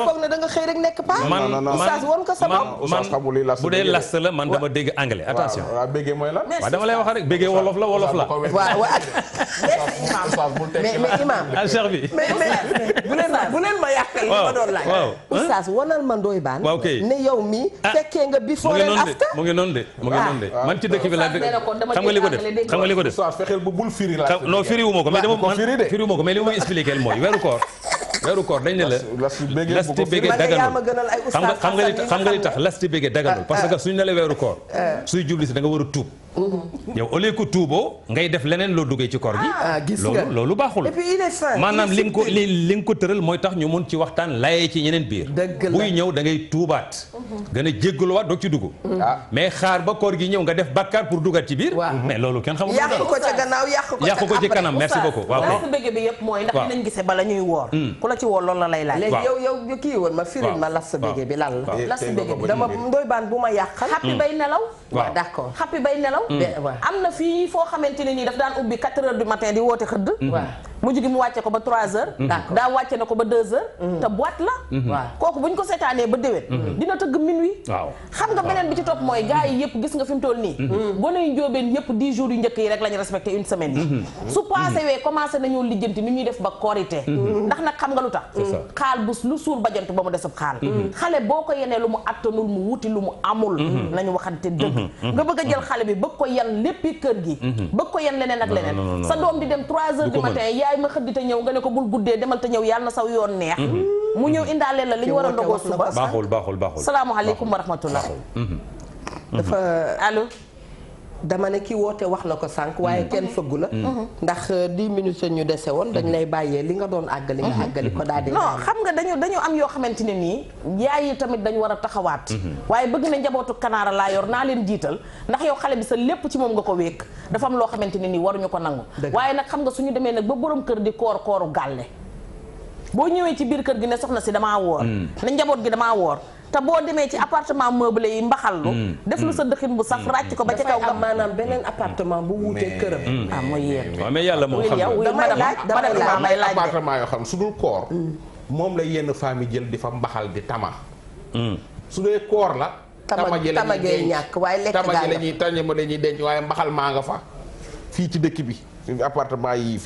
foog ne da nga xëy rek nekk pa man oustaz won ko sa bopp bu dee last la man dama dégg anglais attention waaw dama lay wax rek béggee wolof la wolof la waaw mais imam bu leen ma yàqal li ma doon laaj oustaz wanal ma Ndoye Bane. waaw kay ne yow mi ah. fekkee nga before and after mu ngi ah. noonu de man ci dëkk bi laa dëkk xam nga ko def xam nga li ko mooy weeru koor. weeru koor dañ ne la lasti bége daganul parce que ah. suñ ne la weeru koor suy jubli si war a tuub Mmh. yow au lieu que tuuboo ngay def leneen loo duggee ci koor gi. ah gis nga loolu loolu baaxul. et puis il est fin maanaam li nga ko li nga ko tëral mooy tax ñu mun ci waxtaan layee ci ñeneen biir. buy ñëw da ngay tuubaat. Mmh. gën a jéggaluwaat doog ci mmh. ah. ba koor gi ñëw nga def bàkkaar pour duggaat ci biir. mais loolu kenn xamul. yàq ko ca gannaaw yàq ko ca yàq ko ci kanam merci beaucoup. waaw waaw bëgg bi yëpp mooy ndax dinañ gisee bala ñuy woor. ku la ci woor loolu la lay laaj. léegi yow kii woon ma firil ma las bëgg bi lan la. las bëgg bi dama ndoy baan bu ma yàqal. xappi bay nelaw. waaw d'accord xappi bay nelaw Mm. am na fii foo xamante ne nii daf daan ubbi 4 heures du matin di woote xëdd. Mm-hmm. mujj gi mu wàcce ko ba 3 heures. Mhm. daa wàcce na ko ba 2 heures. Mhm. te boîte la. waaw mhm. kooku bu ñu ko seetaanee ba déwén. dina tëgg minuit. waaw xam nga beneen bi ci topp mooy gars yi yëpp gis nga fi mu toll nii. gone yu njóobeen yëpp 10 jours yu njëkk yi rek la ñu respecté une semaine yi. su passé wee commencé nañoo lijjanti nu ñuy def ba korité. ndax nag xam nga lu tax. xaal bu lu suur ba jant ba mu desub xaal. xale boo ko yenee lu mu attanul mu wuti lu mu amul. nañu waxante dëgg. nga bëgg a jël xale bi bëgg ko yan léppi kër gi. bëgg ko yan leneen kaay a xëddi te ñëw nga ne ko bul guddee demal te ñëw yàlla na saw yoon neex mhm. mu ñëw indaale la li ñu war a ndogoo suba baaxul baaxul baaxul salaamaaleykum wa rahmatullah mhm. dafa allo dama ne ki woote wax la ko sànq. waaye mm. kenn fëggu la. Mm. Mm. ndax 10 euh, minutes ñu dese woon dañ mm-hmm. lay bàyyee li nga doon àggali. nga mm-hmm. àggali ko daal di. xam nga dañu dañu am yoo xamante ne nii. yaay yi tamit dañu war a taxawaat. Mm-hmm. waaye bëgg na njabootu kanaara laa yor naa leen jiital ndax yow xale bi sa lépp ci moom nga ko wékk dafa am loo xamante ne war waruñu ko nangu. waaye nag xam nga suñu demee nag ba borom kër di koor kooru gàlle. boo ñëwee ci biir kër gi ne soxna si damaa woor mm. ne njaboot gi damaa woor te boo demee ci appartement meublé yi mbaxallu mm. def lu sa dëxin bu saf mm. ràcc ko ba ca kaw am maanaam beneen appartement bu wuutee kër ah mooy yàlla moom xam nga damay laaj damay laaj may laaj appartement yoo xam su dul koor moom la yenn famille jël di fa mbaxal di tama su dee koor la tama ji la ñuy ñàkk waaye lekk tama ji la ñuy tànn ma la ñuy denc waaye mbaxal maa nga fa fii ci dëkk bi appartement yi i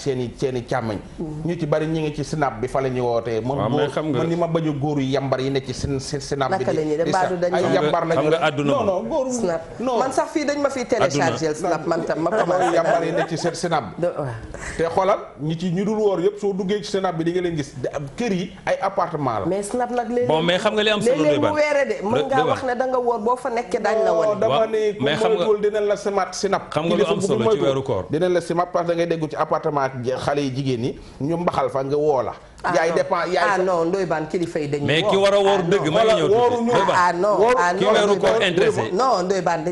seen i càmmañ ñu ci bari ñi ngi ci snap bi fa la ñu wootee man man ni ma bañ a góor yu yambar yi man yambar yi ne ci snap te xoolal ñi ci ñu dul woor yëpp soo duggee ci snap bi di nga leen gis kër yi ay appartement la mais snap nag léeg-léeg bon mais xam nga li am nga woor am solo ci weeru koor dinañ la si ma place da xale yi jigéen ñi ñu mbaxal fa nga woo la ah yaay dépend yaay ah non ndoy dañuy mais ki war a woor ah dëgg ma ngi ñëw ah non ah non ki weeru koor intéressé non ndoy baan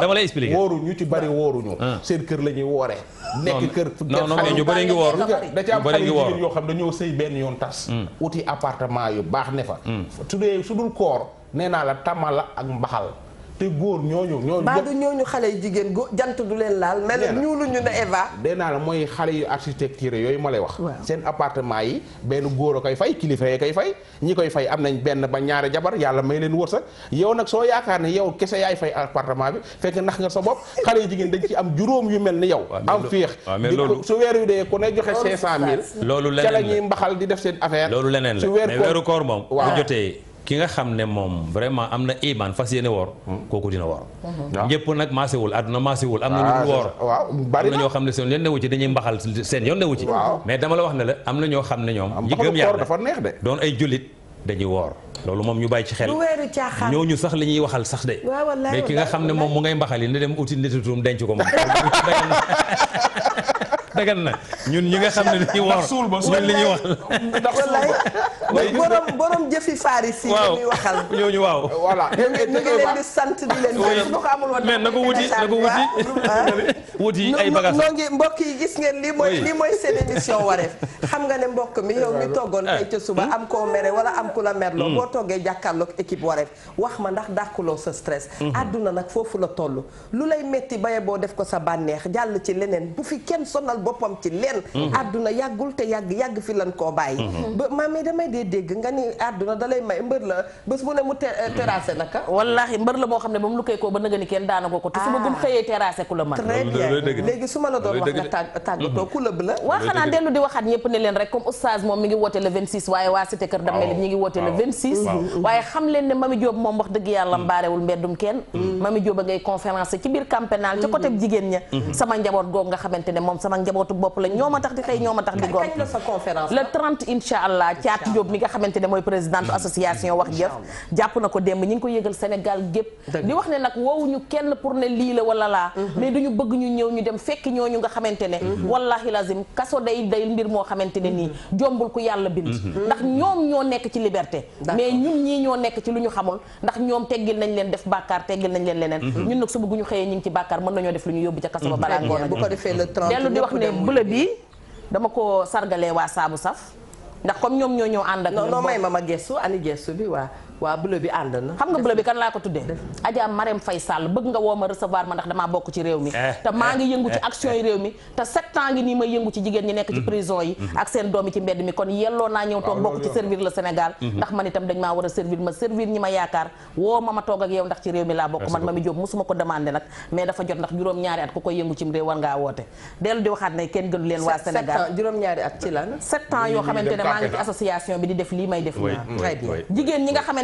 dama lay expliquer wooru ñu ci bari wooruñu ah. seen kër la ñuy wooree nekk kër non non mais ñu bari ngi woor da ci am xale yi jigéen yoo xam ñëw sëy benn yoon tas mm. uti appartement yu baax ne fa mm. su dee su dul koor nee naa la tamala ak mbaxal te góor ñooñu. ñooñu ba du xale yu jigéen go jant du leen laal. mel na ñuulu ñu ne Eva. dee naa la mooy xale yu architecture yooyu ma lay wax. seen appartement yi benn góor koy fay kilifa yi koy fay. ñi koy fay am nañ benn ba ñaari jabar yàlla may leen wërsëg yow nag soo yaakaar ne yow kese yaay fay appartement bi fekk nax nga sa bopp xale yu jigéen dañ ci am juróom yu mel ni yow. am féex su weer yu dee ku ne joxe 500000. loolu leneen la ca la mbaxal di def seen affaire. loolu leneen la mais weeru k moom jotee ki nga xam ne moom vraiment am na iman fas yéene woor hmm. kooku dina woor hmm. ah. ñëpp nag maasewul àdduna maasewul am na ñu ah, dul woor am na ñoo xam ne seen yoon newu ci dañuy mbaxal seen yoon newu ci mais dama la wax ne la am na ñoo xam ne ñoom ñi gëm dafa neex de doon ay jullit dañuy woor loolu moom ñu bàyyi ci xel ñooñu sax li ñuy waxal sax de mais ki nga xam ne moom mu ngay mbaxal yi na dem uti nitutum denc ko moom dagan na ñun ñi nga xam ne dañuy woor suul ba suul li ñuy wax ndax wallaay borom borom jëfi farisi ñuy waxal ñooñu waaw voilà ñu ngi leen di sant di leen bu ko amul woon mais na ko wuti na ko wuti wuti ay bagages noo ngi mbokk yi gis ngeen li mooy li mooy seen émission wareef xam nga ne mbokk mi yow mi toggoon tey ca suba am koo mere wala am ku la merloo mm. boo toggee jàkkaarloog équipe wareef wax ma ndax dàkkuloo sa stress mm-hmm. àdduna nag foofu la toll lu lay metti baye boo def ko sa bànneex jàll ci leneen bu fi kenn sonal boppam ci leen mhm. àdduna yàggul te yàgg yàgg fi lan koo bàyyi mhm. ba maam damay dee dégg nga ni àdduna dalay may mbër la bés bu ne mu euh, terrassé naka wallaahi mbër la moo xam ne ba mu lukkee koo ba nga kenn daana ko te su ma gum ah. xëyee terrassé ku la man très bien léegi su ma la doon wax nga tàggatoo mhm. ku la bu la waa xanaa dellu di waxaat leen rek ngi woote le 26 waaye waaye xam leen ne mami Diop moom wax dëgg yàlla mbaarewul mbeddum kenn mami a njabootu bopp lañ ñoo ma tax di xëy ñoo ma tax di gont le 30 incha allah Thiat Diop mi nga xamante ne mooy présidente association wax jëf jàpp na ko démb ñi ngi ko yëgal Sénégal gépp di wax ne nag woowuñu kenn pour ne lii la wala laa mm-hmm. mais ñu bëgg ñu ñëw ñu dem fekk ñoo ñu nga xamante ne mm-hmm. wallahi lazim kaso day day mbir moo xamante ne nii mm-hmm. jombul ku yàlla bind ndax ñoom ñoo nekk ci liberté mais ñun ñii ñoo nekk ci lu ñu xamul ndax ñoom teg nañ leen def bàkkaar teggil nañ leen leneen ñun nag suba bu ñu xëyee ñi ngi ci bàkkaar mën def lu ñu yóbbu ne bula bi dama ko sargalee waa saabu saf ndax comme ñoom ñoo ñëw ànd ak. non may ma ma gestu ani gestu bi waa waa bleu bi ànd na xam nga bleu bi kan laa ko tuddee Adja Marème Faye Sall bëgg nga woo recevoir ma ndax damaa bokk ci réew mi eh, te maa eh, ngi yëngu ci eh, action yi réew mi te sept ans ngi nii may yëngu ci jigéen ñi nekk ci mm-hmm. prison yi mm-hmm. ak seen doom yi ci naa bokk mm-hmm. man war a servir ma servir ñi ma yaakaar woo ma ma toog mi laa bokk man Mamy Diop ko demandé nag mais dafa jot ndax juróom-ñaari at ku koy yëngu ci réew war ngaa woote dellu di waxaat ne kenn gënu leen waa Sénégal juróom-ñaari at ci lan sept yoo xamante ne maa ngi ci association bi di def lii may def nii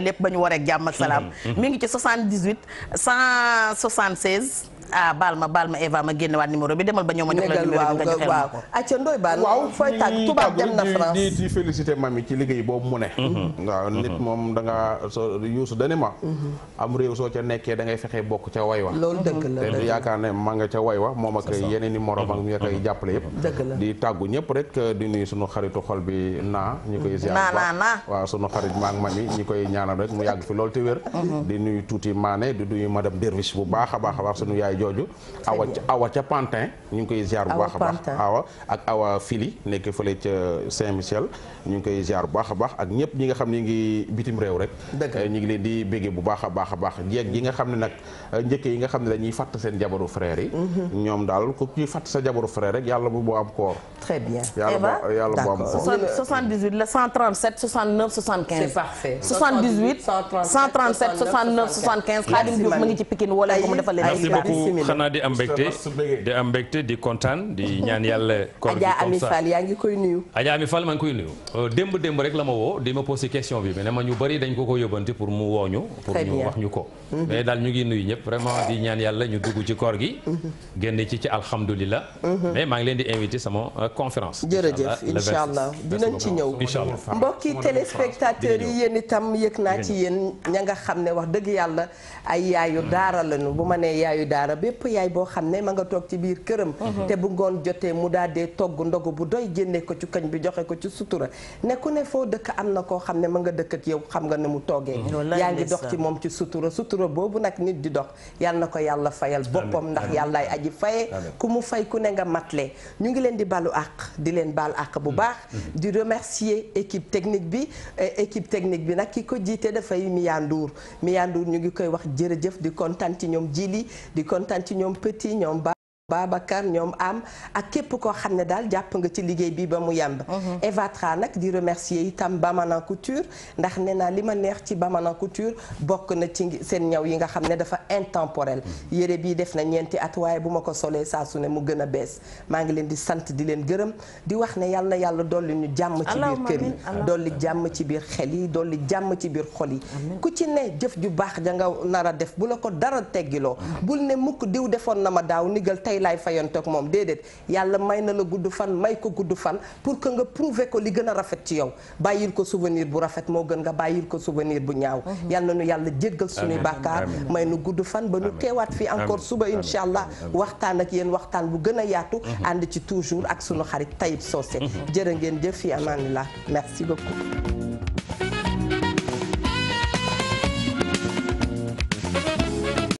lépp ba ñu waree jàmm ak salaam. Mm-hmm. mi ngi ci 78 176. ah baal ma baal ma Eva ma génne waat numéro bi demal ba ñëw ma jox la numéro bi nga joxe waaw acca Ndoye Bane waaw fooy tàgg tubaab dem na France di di félicité mami ci liggéey boobu mu ne mhm. waaw nit mhm. moom da nga so yuusu dani ma mhm. am réew soo ca nekkee da ngay fexee bokk ca way wa loolu dëgg la te yaakaar ne maa nga ca way wa moom ak yeneen i morom ak ñu koy jàppale yëpp di tàggu ñëpp rek di nuyu sunu xaritu xol bi naa ñu koy ziar waaw sunu xarit ma ak mami ñi koy ñaanal rek mu yàgg fi loolu te wér di nuyu tuuti maane di nuyu madame Derviche bu baax a baax a baax sunu yaay jooju awa ca Pantin ñu ngi koy ziar bu baax a baax ak awa a baax ñi nga xam ne ñu ngi bitim réew rek eh, bu baax a baax a baax jeeg yi nga ne nag eh, njëkke yi nga xam ne dañuy fàtt seen jabaru frère yi mhm. ñoom daal ku ñuy fàtt sa jabaru frère rek yàlla bu boo am koor très bien la 137 69 75 c'est parfait 78 137 69 ma ngi ci Pikine wala ko mu defal xanaa di am mbégte di am mbégte di kontaan di ñaan yàlla. koor yaa ngi koy nuyu. Adja Ami Fall maa ngi koy nuyu. Euh, démb démb rek la ma woo di ma posé question bi mais ne ma ñu bari dañ ko ko yóbbanti pour mu woo ñu. pour ñu wax ñu ko. Mhm. mais daal ñu ngi nuyu ñëpp vraiment di ñaan yàlla ñu dugg ci koor gi. Mhm. génn ci ci alhamdulilah. Mhm. mais maa ngi leen di invité sama euh, conférence. jërëjëf incha allah dinañ ci ñëw. incha allah mbokki téléspectateurs yi yéen itam yëg naa ci yéen ña nga xam bépp yaay boo xam ne ma nga toog ci biir këram mhm. te bu ngoon jotee mu daal dee togg ndogu bu doy génnee ko ci kañ bi joxe ko ci sutura ne ku ne foo dëkk am na koo xam ne ma nga dëkk ak yow xam nga ne mu toggee mhm. yaa ngi dox ci moom ci sutura sutura boobu nag nit di dox yal na ko yàlla fayal boppam ndax yàllaay aji faye ku mu fay ku ne nga matle ñu ngi leen di balu àq di leen baal àq bu mhm. baax di remercier équipe technique bi eh, équipe technique bi nag ki ko jiite dafay Miya Ndour Miya Ndour ñu ngi koy wax jërëjëf di kontaan ci ñoom jili kontaan ci ñoom petit ñoom ba Babacar ñoom am ak képp koo xam ne daal jàpp nga ci liggéey bi ba mu yemb mhm. Eva Tra nag di remercier itam Bamana Couture ndax nee naa li ma neex ci Bamana Couture bokk na ci seen ñaw yi nga xam ne dafa intemporel mhm. yére bii def na ñeenti at waaye bu ma ko solee saa su ne mu gën a bees maa ngi leen di sant di leen gërëm di wax ne yàlla na yàlla dolli ñu jàmm ci biir kër yi dolli jàmm ci biir xel yi dolli jàmm ci biir xol yi ku ci ne jëf ju baax janga nga nar a def bu la ko dara teggiloo mhm. laay fayanteeg moom déedéet yàlla may na la gudd fan may ko gudd fan pour que nga prouver ko li gën a rafet ci yow bàyyil ko souvenir bu rafet moo gën nga bàyyil ko souvenir bu ñaaw mhm. yal na nu yàlla jéggal suñuy bàkkaar may nu gudd fan ba nu teewaat fi encore suba incha allah waxtaan ak yéen waxtaan bu gën a yaatu mhm. ànd ci toujours ak sunu xarit Tayib Socé mhm. jërë ngeen jëf fi amaanillah merci beaucoup